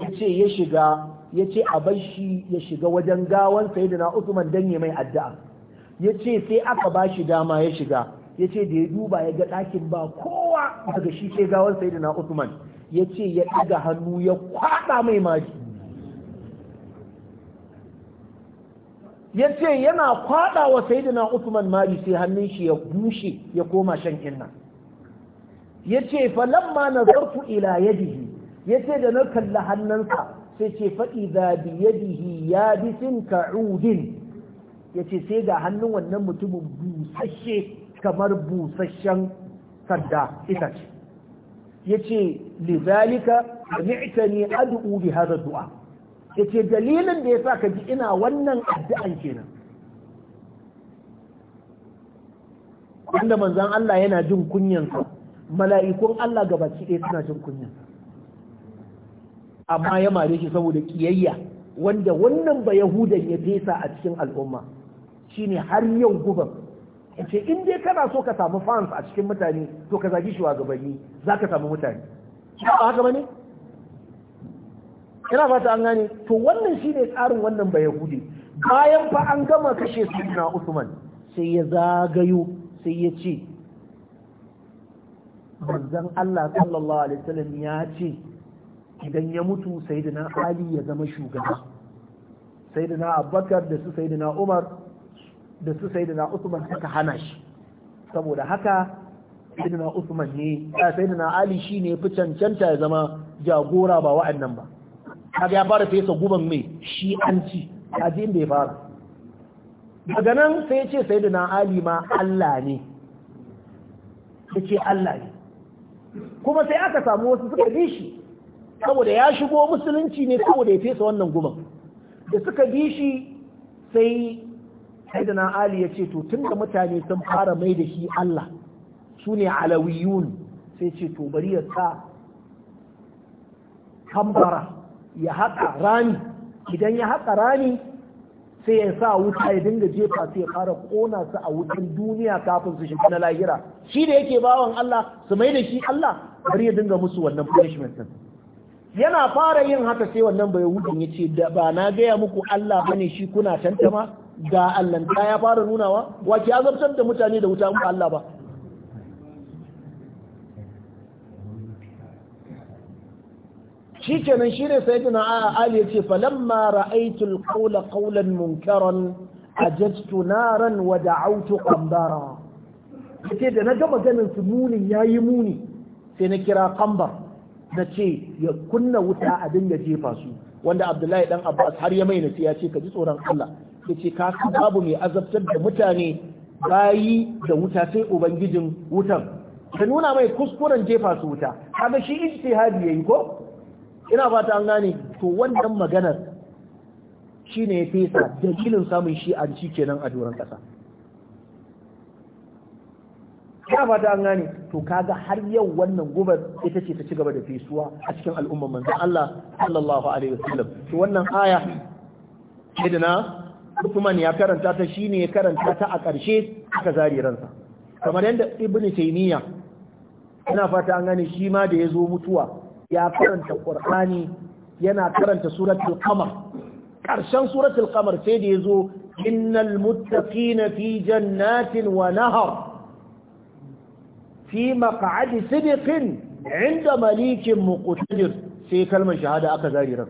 ya ce ya shiga ya a bar shi ya shiga wajen gawan sayyidina Uthman dan ya mai addu'a ya sai aka ba shi dama ya shiga Yace da ya duba ya ga ɗakin ba kowa daga shi sai gawan sayyidina Uthman Yace ya ɗaga hannu ya kwaɗa mai maji ya ce yana kwaɗa wa sayidina Usman mari sai hannun shi ya bushe ya koma shan inna ya ce falamma na zarfu ila yadihi ya ce da na kalla hannunsa sai ce faɗi bi yadihi ya bi sin ka'udin ya ce sai ga hannun wannan mutumin busasshe kamar busasshen sadda ita ce ya ce lizalika ni'tani ad'u ne bi hadha du'a yace dalilin da ya sa ka ji ina wannan addu'an kenan wanda manzon Allah yana jin kunyansa mala'ikun Allah gabaki ɗaya suna jin kunyansa amma ya mare shi saboda kiyayya wanda wannan ba yahudan ya fesa a cikin al'umma shine har yau guban Yace in dai kana so ka samu fans a cikin mutane to ka zagi shugabanni za ka samu mutane ba haka bane kana fata an gane to wannan shi ne tsarin wannan ba yahudi bayan fa an gama kashe na usman sai ya zagayo sai ya ce manzan Allah sallallahu alaihi wasallam ya ce idan ya mutu sayyidina ali ya zama shugaba sayyidina abubakar da su sayyidina umar da su sayyidina usman suka hana shi saboda haka sayyidina usman ne eh, sayyidina ali shine fi cancanta ya zama jagora ba wa'annan ba kaga ya fara fesa guban mai shi an ci kaji inda ya fara daga nan sai ya ce sai da na ali Allah ne ya Allah ne kuma sai aka samu wasu suka bi shi saboda ya shigo musulunci ne saboda ya fesa wannan guban da suka bi shi sai sai da na ali ya ce to tun da mutane sun fara mai da shi Allah su ne alawiyun sai ce to bari ya sa kambara ya haƙa rami idan ya haƙa rami sai ya sa wuta ya dinga jefa sai ya fara ƙona su a wutan duniya kafin su shiga na lahira shi da yake bawan Allah su mai da shi Allah bari ya dinga musu wannan punishment din yana fara yin haka sai wannan bai wudin ya ce da ba na gaya muku Allah bane shi kuna tantama ga Allah ta ya fara nunawa Wa ki azabtar da mutane da wuta ba Allah ba shi kenan shi ne sai dina ali ya ce falamma ra'aitul qawla qawlan munkaran ajajtu naran wa da'awtu qambara yace da na ga maganin su muni yayi muni sai na kira kambar. na ce ya kunna wuta a dinga jefa su wanda abdullahi dan abbas har ya mai ya ce ka ji tsoron allah yace ka san babu mai azabtar da mutane bayi da wuta sai ubangijin wutan ka nuna mai kuskuren jefa su wuta kaga shi ijtihadi yayi ko ina fata an gane to wannan maganar shine ya fesa dalilin samun shi an ci kenan a doron kasa ina fata an gane to kaga har yau wannan gubar ita ce ta ci gaba da fesuwa a cikin al'umman manzon Allah sallallahu alaihi wasallam to wannan aya idana usman ya karanta ta shine ya karanta ta a ƙarshe aka zari ransa kamar yadda Ibn Taymiyyah ina fata an gane shi ma da ya zo mutuwa ya karanta qur'ani yana karanta suratul qamar karshen suratul qamar sai da yazo innal na fi jannatin wa nahar fi maq'adi sidikin inda malikin muqtadir sai kalmar shahada aka zari ran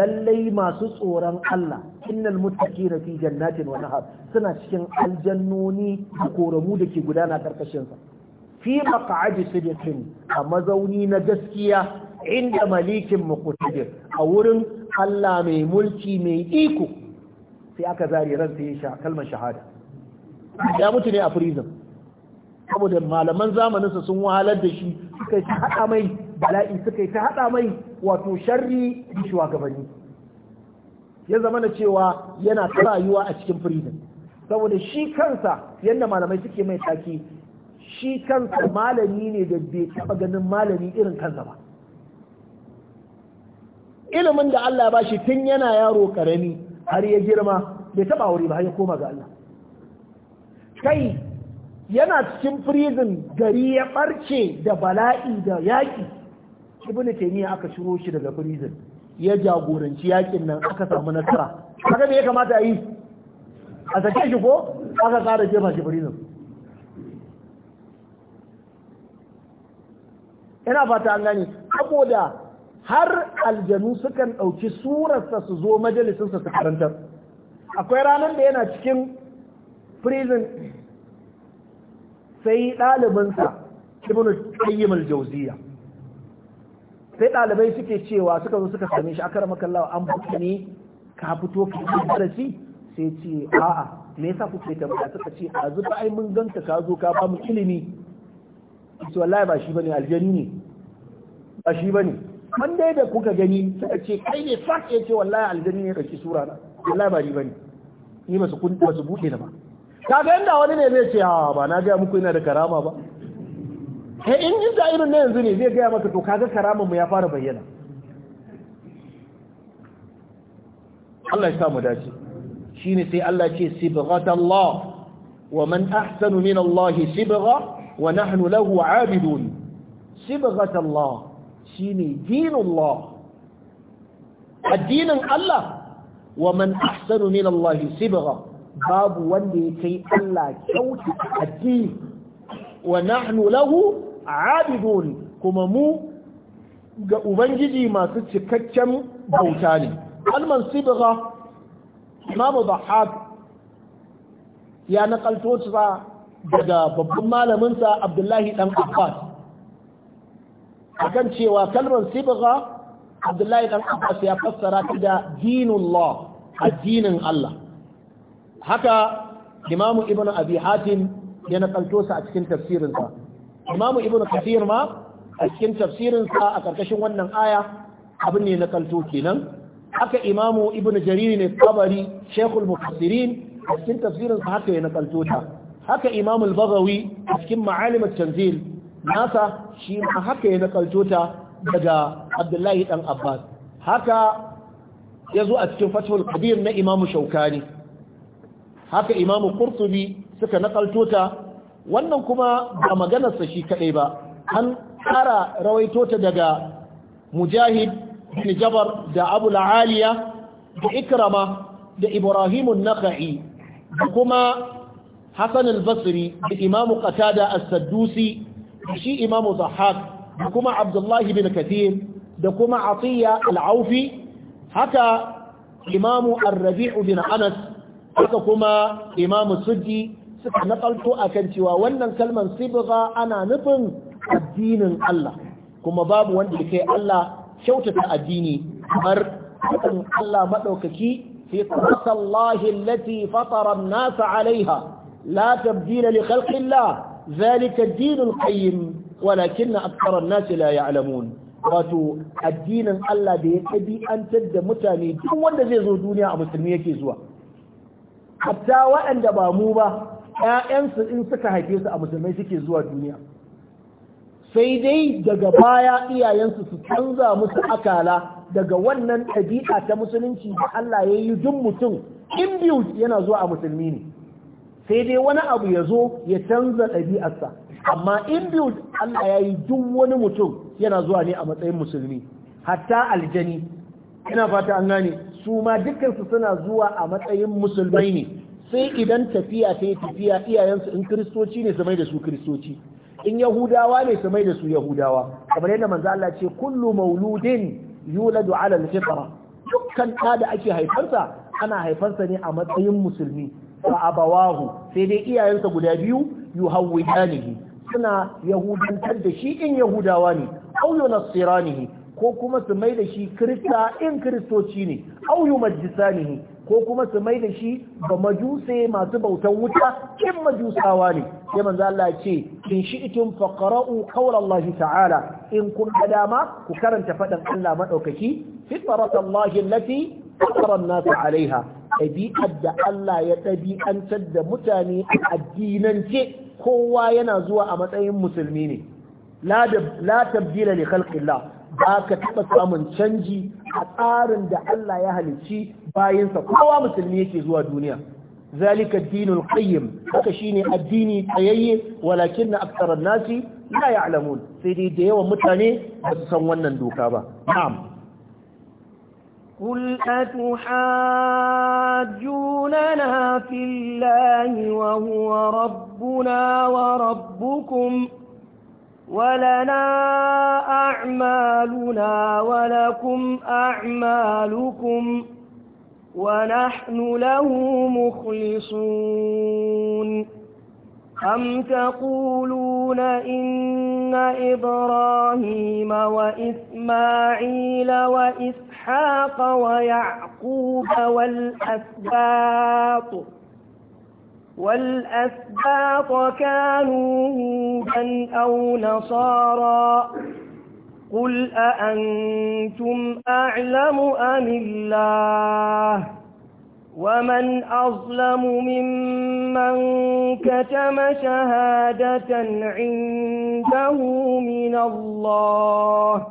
lallai masu tsoron Allah innal na fi jannatin wa nahar suna cikin aljannoni da koramu ke gudana karkashin sa fi maq'adi sidiqin a mazauni na gaskiya inda malikin muqtadir a wurin Allah mai mulki mai iko sai aka zari ran sai ya kalmar shahada ya mutu ne a prison saboda malaman zamanin zamaninsa sun wahalar da shi suka ta hada mai bala'i suka ta hada mai wato sharri da shugabanni ya zama na cewa yana ta a cikin prison saboda shi kansa yadda malamai suke mai taki shi kansa malami ne da bai taɓa ganin malami irin kansa ba ilimin da Allah ba shi tun yana yaro karami har ya girma bai taɓa wuri ba ya koma ga Allah kai yana cikin prison gari ya ɓarce da bala'i da yaƙi ibnu taymiya aka shiro shi daga prison ya jagoranci yakin nan aka samu nasara kaga me ya kamata a yi a sake shi ko aka ƙara jefa shi prison ina fata an gani saboda har aljanu sukan ɗauki surarsa su zo majalisinsa su karantar akwai ranar da yana cikin prison sai ɗalibinsa ibnu qayyim al-jawziya sai ɗalibai suke cewa suka zo suka same shi akara makallawa an buƙi ne ka fito ka yi darasi sai ce a'a me yasa kuke tambaya suka ce a zuba ai mun ganka ka zo ka ba mu ilimi su wallahi ba shi bane aljanni ne ba shi bane wanda da kuka gani suka ce kai ne fak ya ce wallahi aljanni ne kake sura na wallahi ba shi bane ni ba su kun ba su buɗe da ba kaga inda wani ne zai ce a ba na ga muku ina da karama ba he eh, in ji da irin na yanzu ne zai gaya maka to kaga karaman mu ya fara bayyana Allah ya sa mu dace shine sai Allah ce sibghatallah wa man ahsanu min Allah sibgha wa nahnu lahu abidun sibghat Allah shine dinullah addinin Allah wa man ahsanu min Allah sibgha babu wanda yake Allah kyautu addini wa nahnu lahu abidun kuma mu ga ubangiji masu cikakken bauta ne kalman sibgha imamu dhahab ya nakalto ta daga babban malaminsa abdullahi dan abbas akan cewa kalmar sibgha abdullahi dan abbas ya fassara ta da dinullah addinin allah haka imamu Ibn abi hatim ya nakalto sa a cikin tafsirinsa imamu ibnu kathir ma a cikin tafsirinsa a karkashin wannan aya abin ne nakalto kenan haka imamu ibnu Jariri ne tabari shekul mufassirin a cikin tafsirinsa haka ya nakalto ta haka imam al a cikin ma'alim at-tanzil nasa shi ma haka ya nakalto ta daga abdullahi dan abbas haka yazo a cikin fathul qadir na imam shaukani haka imam qurtubi suka nakalto ta wannan kuma ba sa shi kadai ba an kara rawaito ta daga mujahid bin jabar da abu la'aliya da ikrama da ibrahim an da kuma Hassan al-Basri da Imam Qatada as-Saddusi da shi Imam Zahhab da kuma Abdullah bin Katir da kuma Atiya al-Aufi haka Imam Ar-Rabi' bin Anas haka kuma Imam Suddi suka nakalto akan cewa wannan kalman sibgha ana nufin addinin Allah kuma babu wanda yake Allah kyautata addini kamar Allah madaukaki fi qassallahi allati fatara an-nas 'alayha لا تبديل لخلق الله ذلك الدين القيم ولكن أكثر الناس لا يعلمون wato addinin Allah da ya ɗabi'antar da mutane duk wanda zai zo duniya a musulmi yake zuwa hatta waɗanda ba mu ba 'ya'yansu in suka haife su a musulmai suke zuwa duniya sai dai daga baya iyayensu su canza musu akala daga wannan ɗabi'a ta musulunci da Allah ya yi duk mutum in biyu yana zuwa a musulmi ne sai dai wani abu ya zo ya canza ɗabi'arsa amma in biyu Allah ya yi duk wani mutum yana zuwa ne a matsayin musulmi hatta aljani ina fata an gane su ma dukkansu suna zuwa a matsayin musulmai ne sai idan tafiya ta yi tafiya iyayensu in kiristoci ne su mai da su kiristoci in yahudawa ne su mai da su yahudawa kamar yadda manzo Allah ce kullu mauludin yuladu ala al-fitra dukkan da ake haifarsa ana haifarsa ne a matsayin musulmi fa abawahu sai dai iyayensa guda biyu yuhawwidanihi suna yahudantar da shi in yahudawa ne aw yunassiranihi ko kuma su mai da shi kirista in kiristoci ne aw yumajjisanihi ko kuma su mai da shi ba majuse masu bautan wuta in majusawa ne sai manzo Allah ce in shi'tum faqra'u qawla Allah ta'ala in kun da dama ku karanta fadan Allah madaukaki fitratallahi allati karan nasa alaiha ɗabi'ar da Allah ya ɗabi'antar da mutane a addinance kowa yana zuwa a matsayin musulmi ne la tabdila li khalqillah ba ka taɓa samun canji a tsarin da Allah ya halicci bayansa kowa musulmi yake zuwa duniya zalika dinul qayyim haka shine addini tsayayye walakin aktharan nasi la ya'lamun sai dai da yawan mutane ba su san wannan doka ba na'am قل أتحاجوننا في الله وهو ربنا وربكم ولنا أعمالنا ولكم أعمالكم ونحن له مخلصون أم تقولون إن إبراهيم وإسماعيل وإسحاق وإسحاق ويعقوب والأسباط والأسباط كانوا هودا أو نصارا قل أأنتم أعلم أم الله ومن أظلم ممن كتم شهادة عنده من الله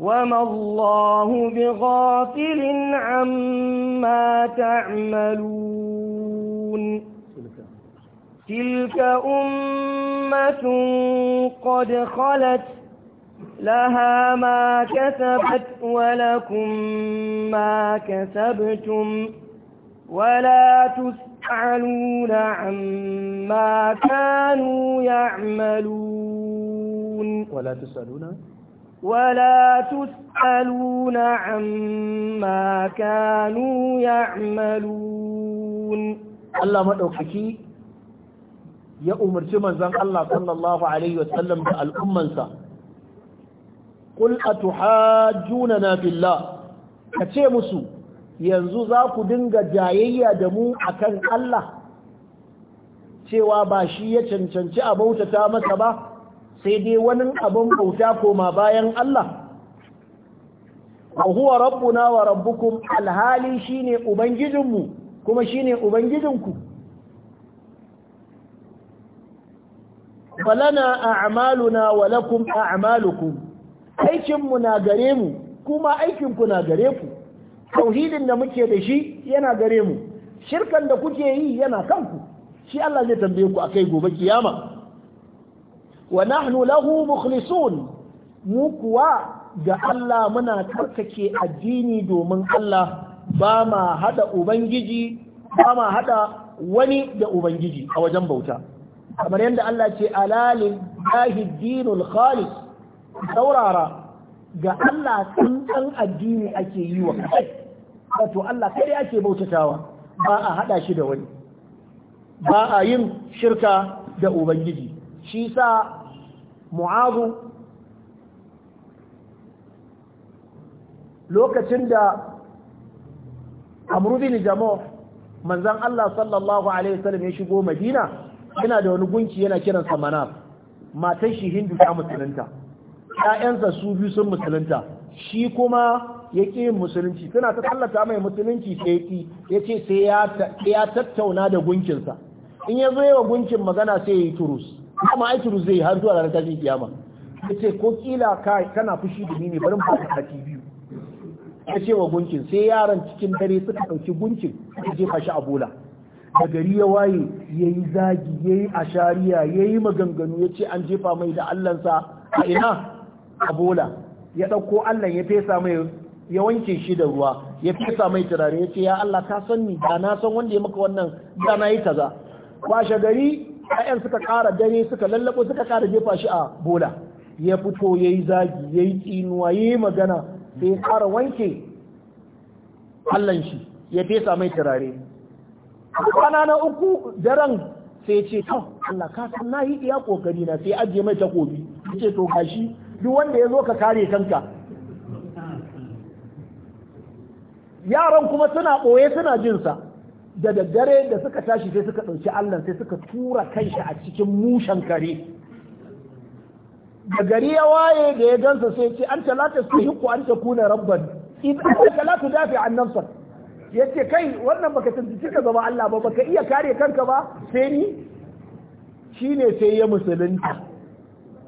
وما الله بغافل عما تعملون تلك أمة قد خلت لها ما كسبت ولكم ما كسبتم ولا تسألون عما كانوا يعملون ولا تسألون ولا تسألون عما كانوا يعملون الله مدوكي ya umarci manzon Allah sallallahu alaihi wasallam da al'ummansa qul atuhajjuna billah kace musu yanzu za ku dinga jayayya da mu akan Allah cewa ba shi ya cancanci a bautata masa ba sai dai wani abin bauta koma bayan Allah wa huwa rabbuna wa rabbukum alhali shine ubangijinmu kuma shine ubangijinku falana a'maluna wa lakum a'malukum aikinmu na gare mu kuma aikinku na gare ku tauhidin da muke da shi yana gare mu shirkan da kuke yi yana kanku shi Allah zai tambaye ku akai gobe kiyama wa nahnu lahu mukhlisun mu kuwa ga Allah muna tsarkake addini domin Allah ba ma hada ubangiji ba ma hada wani da ubangiji a wajen bauta kamar yadda Allah ce alalin zahid dinul khalis saurara ga Allah tsantsan addini ake yi wa kai wato Allah kai ake bautatawa ba a hada shi da wani ba a yin shirka da ubangiji shi sa mu'azu lokacin da amru bin jamo manzan Allah sallallahu alaihi wasallam ya shigo madina yana da wani gunki yana kiransa manaf matan shi hindu ta musulunta ƴaƴansa su biyu sun musulunta shi kuma yake musulunci suna ta tallata mai musulunci sai yake ya sai ya tattauna da gunkinsa in ya zo yawa gunkin magana sai ya yi turus kuma aiki zai har zuwa ranar tashin kiyama ya ce ko kila kana fushi da ni ne bari mu ka biyu ya ce wa gunkin sai yaran cikin dare suka ɗauki gunkin ya jefa shi a bola da gari ya waye ya yi zagi ya yi ashariya ya yi maganganu ya ce an jefa mai da allansa a ina a bola ya ɗauko allan ya fesa mai ya wanke shi da ruwa ya fesa mai turare ya ce ya allah ka san ni da na san wanda ya maka wannan da na yi kaza washe gari ƴaƴan suka ƙara dare suka lallabo suka ƙara jefa shi a bola ya fito ya yi zagi ya yi tsinuwa ya yi magana sai ya ƙara wanke allon shi ya fesa mai turare kwana na uku daren sai ce to Allah ka san na yi iya kokari na sai ajiye mai takobi ce to gashi duk wanda ya zo ka kare kanka yaran kuma suna ɓoye suna jinsa da daddare da suka tashi sai suka ɗauki Allah sai suka tura kanshi a cikin mushen kare da gari ya waye da ya gansa sai ce an talata su yi ku an ta kuna rabban idan talata dafi an nan ya ce kai wannan baka tuntuci ka zama Allah ba baka iya kare kanka ba sai ni shine sai ya musulunta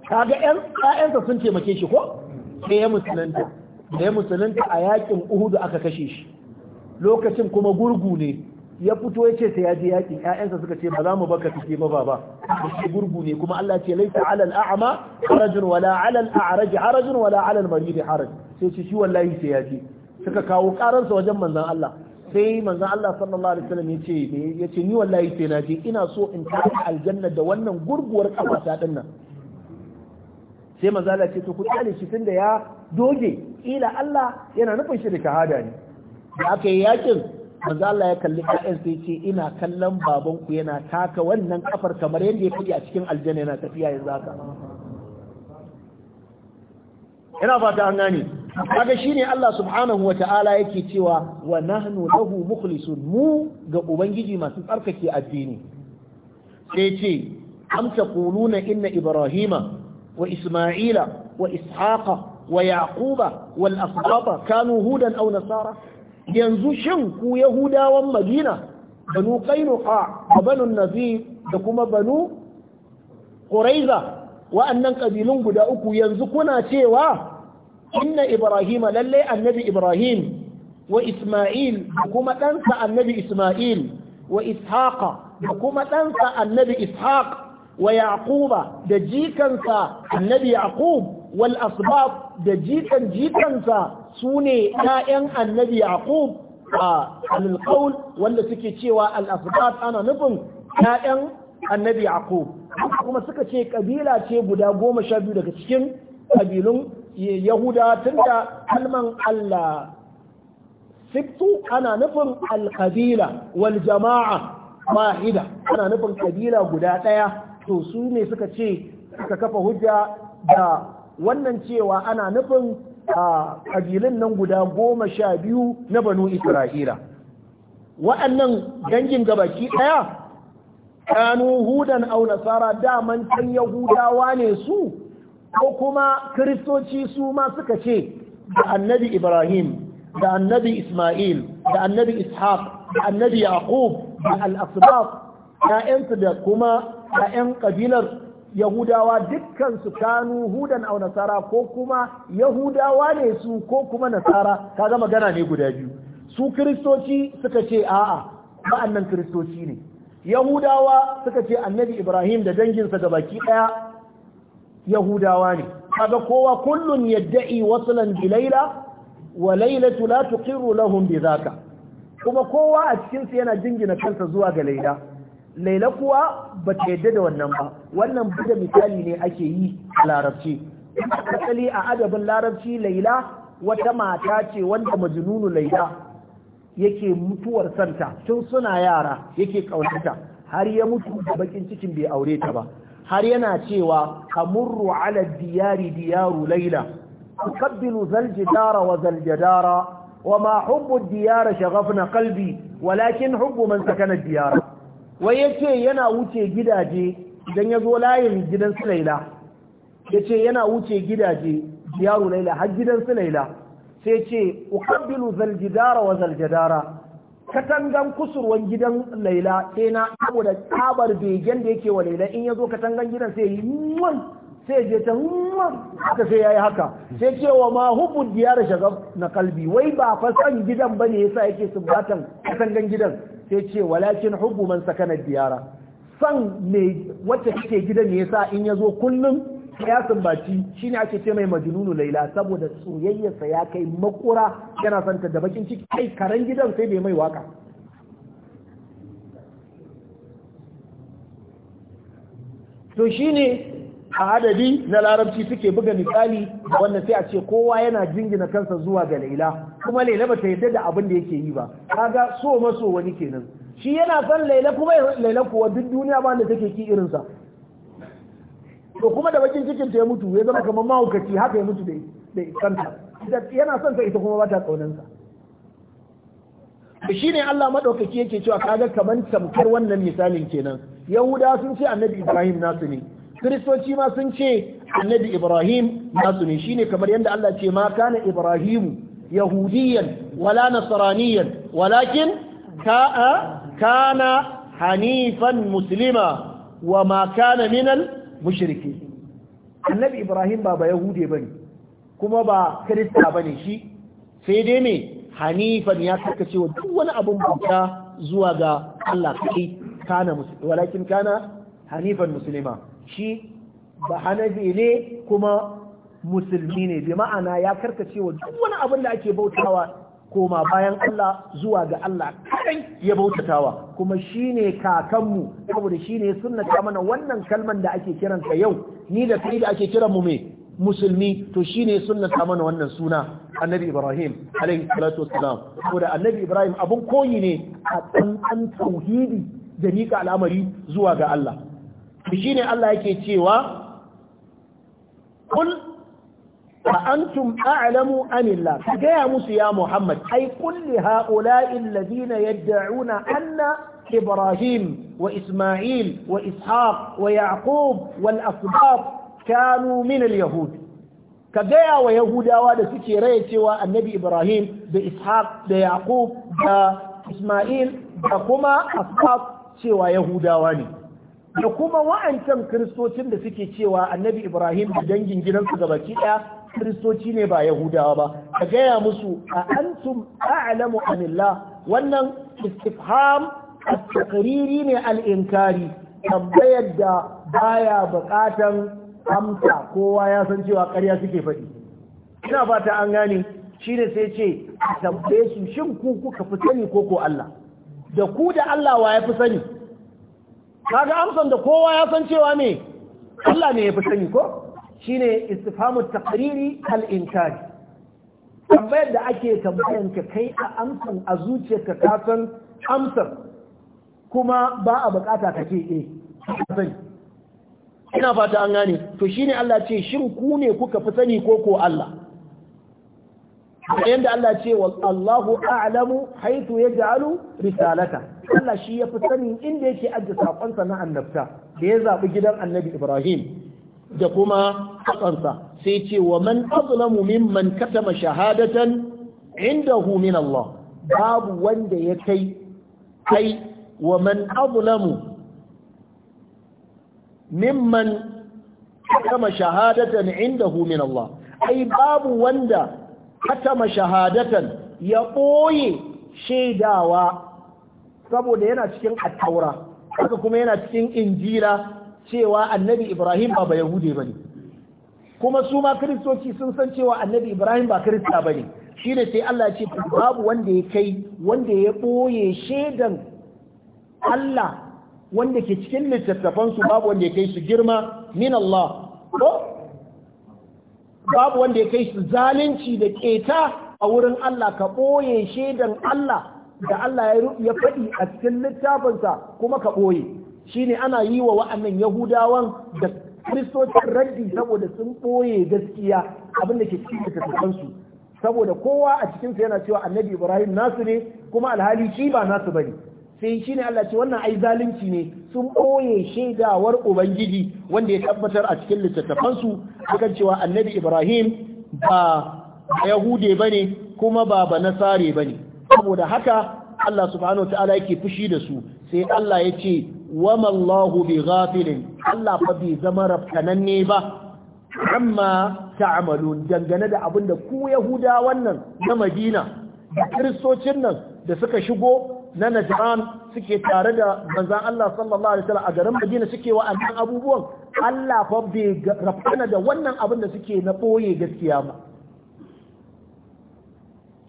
kaga ƴan ƴaƴansa sun taimake shi ko sai ya musulunta da ya musulunta a yakin Uhud aka kashe shi lokacin kuma gurgu ne ya fito ya ce sai ya je yakin ƴaƴansa suka ce ba za mu baka kike ba baba shi gurgu ne kuma Allah ce laita alal a'ma harajun wala alal a'raj harajun wala alal marid haraj sai shi shi wallahi sai ya je suka kawo karansa wajen manzon Allah sai manzon Allah sallallahu alaihi wasallam ya ce ya ce ni wallahi sai na je ina so in tafi aljanna da wannan gurguwar kafata din nan sai manzon Allah ce to ku tsale shi tunda ya doge ila Allah yana nufin shi da shahada ne da aka yi yakin manzo Allah ya kalli ƴaƴan sai ce ina kallon babanku yana taka wannan kafar kamar yadda ya kaje a cikin aljanna yana tafiya yanzu haka ina fata an gane kaga shine Allah subhanahu wata'ala yake cewa wa nahnu lahu mukhlisun mu ga ubangiji masu tsarkake addini sai ce am taquluna inna ibrahima wa isma'ila wa ishaqa wa yaquba wal asbata kanu hudan aw nasara yanzu shin ku yahudawan madina banu qainuqa a banu nazir da kuma banu quraiza wa'annan kabilun guda uku yanzu kuna cewa inna ibrahima lallai annabi ibrahim wa isma'il da kuma ɗansa annabi isma'il wa ishaqa da kuma ɗansa annabi ishaq wa yaquba da jikansa annabi yaqub wal asbab da jikan jikansa su ne ‘ya'yan annabi yaqub a alƙaul wanda suke cewa al'afrat ana nufin ‘ya'yan annabi yaqub kuma suka ce ƙabila ce guda goma sha biyu daga cikin ƙabilun yahuda tun da kalman allah Siftu ana nufin alƙabila wal jama'a wahida ana nufin ƙabila guda ɗaya to su ne suka ce suka kafa hujja da wannan cewa ana nufin a kabilun nan guda goma sha biyu na banu isra'ila wa'annan dangin gabaki ɗaya kanu hudan au nasara daman can yahudawa ne su ko kuma kiristoci su ma suka ce da annabi ibrahim da annabi isma'il da annabi ishaq da annabi yaqub da al-asbaq ya'yansu da kuma ya'yan kabilar yahudawa dukkansu kanu hudan au nasara ko kuma yahudawa ne su ko kuma nasara kaga magana ne guda biyu su kristoci suka ce a'a ba'annan kristoci ne yahudawa suka ce annabi ibrahim da danginsa ga baki daya yahudawa ne kaga kowa kullun yadda'i waslan bilaila wa lailatu la tuqiru lahum bidhaka kuma kowa a cikin su yana jingina kansa zuwa ga laila laila kuwa ba ta yadda da wannan ba wannan buga misali ne ake yi a larabci asali a adabin larabci laila wata mata ce wanda majnunu laila yake mutuwar santa tun suna yara yake ƙaunarta har ya mutu da bakin cikin bai aure ta ba har yana cewa kamurru ala diyari diyaru laila ukabbilu zaljidara wa zaljidara wa ma hubbu diyara shaghafna kalbi, walakin hubbu man sakana diyara wai yace yana wuce gidaje idan ya zo layin gidan su laila yace yana wuce gidaje ziyaru laila har gidan su laila sai ce uqabbilu zaljidara wa zaljadara katangan kusurwan gidan laila sai na saboda kabar begen da yake wa laila in ya zo katangan gidan sai yi sai je ta haka sai yayi haka sai ce wa ma hubu diyar shagab na kalbi wai ba fa san gidan bane yasa yake sumbatan katangan gidan sai ce walakin hubbu man sakana diyara san me wacce kake gidan ne yasa in yazo kullum ya sumbaci shine ake ce mai majnunu laila saboda soyayyarsa ya kai makura yana son ta da bakin ciki kai karan gidan sai bai mai waka to shine a adadi na larabci suke buga misali wanda sai a ce kowa yana jingina kansa zuwa ga laila kuma laila bata yadda da abin da yake yi ba kaga so maso wani kenan shi yana son laila kuma laila kuwa duk duniya ba da take ki irin sa to kuma da bakin cikin ta ya mutu ya zama kamar mahaukaci haka ya mutu da da kanta yana son ta ita kuma bata kaunan sa ne Allah madaukaki yake cewa kaga kamar tamkar wannan misalin kenan yahuda sun ce annabi Ibrahim nasu ne kiristoci ma sun ce annabi ibrahim nasu ne shine kamar yadda Allah ce ma kana ibrahimu yahudiyan wala nasraniyan walakin ka'a kana hanifan muslima wa ma kana minal mushriki annabi ibrahim ba ba yahude bane kuma ba kirista bane shi sai dai me hanifan ya karkace wa duk wani abun bauta zuwa ga Allah kai kana walakin kana hanifan muslima shi ba hanabi ne kuma musulmi ne bi ma'ana ya karkace wa duk wani abin da ake bautawa koma bayan Allah zuwa ga Allah kaɗai ya bautatawa kuma shi ne kakanmu saboda shi ne sunnata mana wannan kalman da ake ka yau ni da kai da ake kiran mu me musulmi to shi ne sunnata mana wannan suna annabi ibrahim alaihi salatu wassalam saboda annabi ibrahim abun koyi ne a tsantsan tauhidi da miƙa al'amari zuwa ga Allah shi ne Allah yake cewa kul wa antum a'lamu anillah ka gaya musu ya Muhammad ai kulli ha'ula'i alladhina yad'una anna Ibrahim wa Isma'il wa Ishaq wa Yaqub wal asbab kanu min al yahud ka gaya wa yahudawa da suke raye cewa annabi Ibrahim da Ishaq da Yaqub da Isma'il da kuma asbab cewa yahudawa ne da kuma wa'ancan kiristocin da suke cewa annabi ibrahim da dangin gidansu ga baki ɗaya kiristoci ne ba yahudawa ba ka gaya musu a antum a'lamu anillah wannan istifham at-taqriri ne al-inkari tambayar da baya buƙatan amsa kowa ya san cewa ƙarya suke faɗi ina fata an gane shine sai ce tambaye su shin ku kuka fi sani ko ko Allah da ku da Allah wa ya fi sani kaga amsan da kowa ya san cewa me Allah ne ya fi sani ko shine istifhamu taqriri al inkari tambayar da ake tambayan ka kai a amsan a zuciyarka ka san amsar kuma ba a bukata ka ce eh sani ina fata an gane to shine Allah ce shin ku ne kuka fi sani ko ko Allah yanda Allah ce wa Allahu a'lamu ya jalu risalata Allah shi ya fi sanin inda yake ajiye sakonsa na annabta da ya zabi gidan Annabi Ibrahim da kuma hakansa sai ce wa man azlamu mimman katama shahadatan indahu min Allah babu wanda ya kai kai wa man azlamu mimman katama shahadatan indahu min Allah ai babu wanda katama shahadatan ya ɓoye shaidawa saboda yana cikin attaura haka kuma yana cikin injila cewa annabi ibrahim ba yahude ba ne kuma su ma kiristoci sun san cewa annabi ibrahim ba kirista ba ne shi ne sai allah ce babu wanda ya kai wanda ya ɓoye shaidan allah wanda ke cikin littattafansu babu wanda ya kai su girma min allah babu wanda ya kai su zalunci da keta a wurin Allah ka ɓoye shaidan Allah da Allah ya faɗi a cikin littafinsa kuma ka ɓoye Shi ne ana yi wa wa'annan yahudawan da kristocin raddi saboda sun ɓoye gaskiya abinda ke cikin littattafansu saboda kowa a cikinsa yana cewa annabi ibrahim nasu ne kuma alhali shi ba nasu bane sai ne Allah ce wannan ai zalunci ne sun ɓoye shaidawar ubangiji wanda ya tabbatar a cikin littattafansu akan cewa annabi ibrahim ba yahude bane kuma ba ba nasare bane saboda haka Allah subhanahu wataala yake fushi da su sai Allah ya ce wama Allahu bi ghafilin Allah fa bai zama rafkananne ba amma ta'malun dangane da abinda ku yahuda wannan na Madina da kristocin nan da suka shigo na Najran suke tare da manzon Allah sallallahu alaihi wasallam a garin Madina suke wa annan abubuwan Allah fa bai rafana da wannan abin da suke na boye gaskiya ba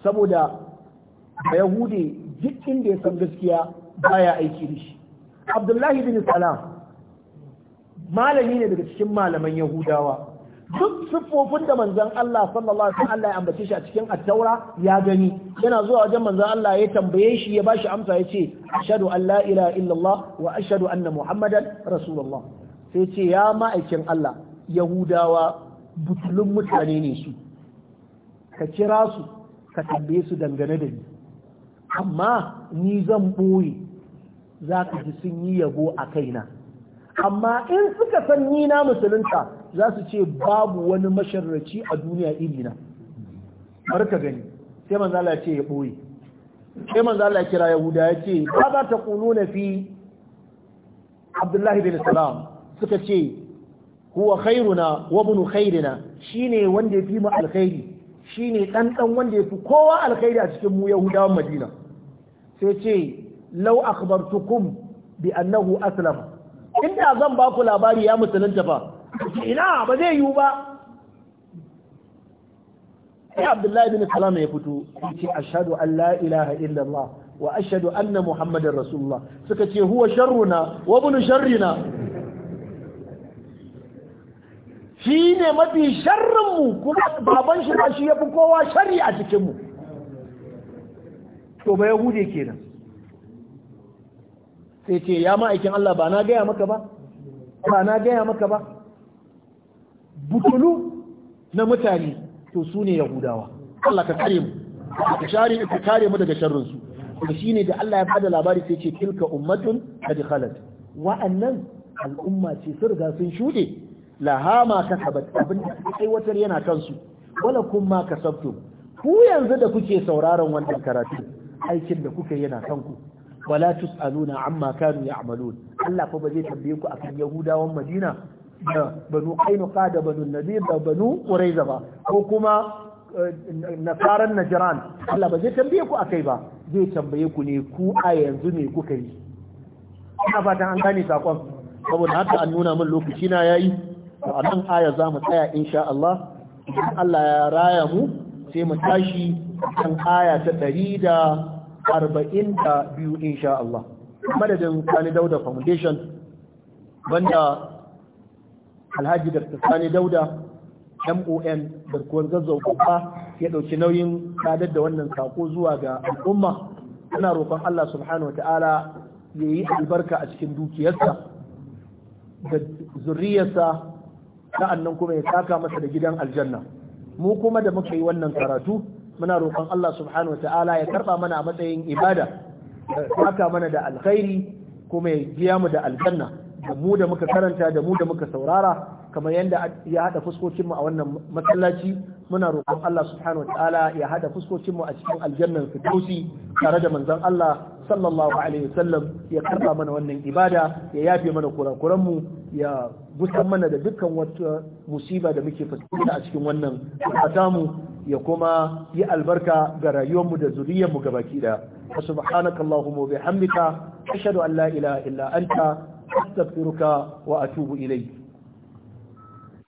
saboda Yahudi duk inda ya san gaskiya baya aiki da shi Abdullahi bin Salam malami ne daga cikin malaman Yahudawa duk siffofin da manzon Allah sallallahu alaihi wasallam ya ambace shi a cikin at-taura ya gani yana zuwa wajen manzon Allah ya tambaye shi ya bashi amsa ya ce ashhadu an la ilaha illallah wa ashhadu anna muhammadan rasulullah sai ce ya ma'aikin Allah yahudawa butulun mutane ne su ka kira su ka tambaye su dangane da ni amma ni zan boye za ka ji sun yi yabo a kaina amma in suka san ni na musulunta za su ce babu wani masharraci a duniya iri na barka gani sai manzo Allah ce ya boye sai manzo Allah kira yahuda ya ce ba za ta kununa fi Abdullahi bin Salam suka ce huwa khairuna wa bunu khairina shine wanda yafi mu alkhairi shine dan dan wanda yafi kowa alkhairi a cikin mu yahudawan Madina sai ce law akhbartukum bi annahu aslama inda zan ba ku labari ya musulunta fa ina ba zai yiwu ba sai abdullahi bin salam ya fito ce ashhadu an la ilaha illallah wa ashhadu anna muhammadar rasulullah suka ce huwa sharruna wa bunu sharrina shi ne mafi sharrinmu kuma baban shi shi ya fi kowa shari a cikinmu to ba yahude kenan sai ce ya ma'aikin Allah ba na gaya maka ba ba na gaya maka ba butulu na mutane to su ne yahudawa Allah ka kare mu ka share ka kare mu daga sharrin su to shine da Allah ya bada labari sai ce tilka ummatun qad khalat wa'annan al'umma ce sun riga sun shude Lahama, ma kasabat abin da aiwatar yana kansu wala kun ma ku yanzu da kuke sauraron wannan karatu aikin da kuka yana kanku wala tusaluna amma kanu ya'malun Allah fa ba zai tambaye ku akan yahudawan Madina da banu kainu da banu nadir da banu ƙuraiza ba ko kuma eh, nasarar najiran Allah ba zai tambaye ku a kai ba zai tambaye ku ne ku a yanzu ne kuka yi ina fatan an gane sakon saboda haka an nuna min lokaci na yayi to a nan aya za mu tsaya insha Allah idan Allah ya raya mu sai mu tashi kan aya ta ɗari da arba'in 142 insha Allah madadin Kani Dauda Foundation banda alhaji da sani dauda mon garkuwar zazzau babba ya ɗauki nauyin sadar da wannan sako zuwa ga al'umma ana roƙon allah subhanahu ta'ala ya yi albarka a cikin dukiyarsa da zurriyarsa annan kuma ya saka masa da gidan aljanna mu kuma da muka yi wannan karatu muna roƙon allah subhanahu ta'ala ya karɓa mana a matsayin ibada ya saka mana da alkhairi kuma ya biya mu da aljanna da mu da muka karanta da mu da muka saurara kamar yadda ya haɗa fuskokinmu a wannan masallaci muna roƙon Allah subhanahu ta'ala ya haɗa fuskokinmu a cikin aljannan fitosi tare da manzon Allah sallallahu alaihi wasallam ya karba mana wannan ibada ya yafe mana kurakuranmu ya busa mana da dukkan wata musiba da muke fuskanta a cikin wannan mu ya kuma yi albarka ga rayuwarmu da zuriyarmu gabaki da subhanakallahumma wa bihamdika ashhadu an la ilaha illa anta أستغفرك وأتوب إليك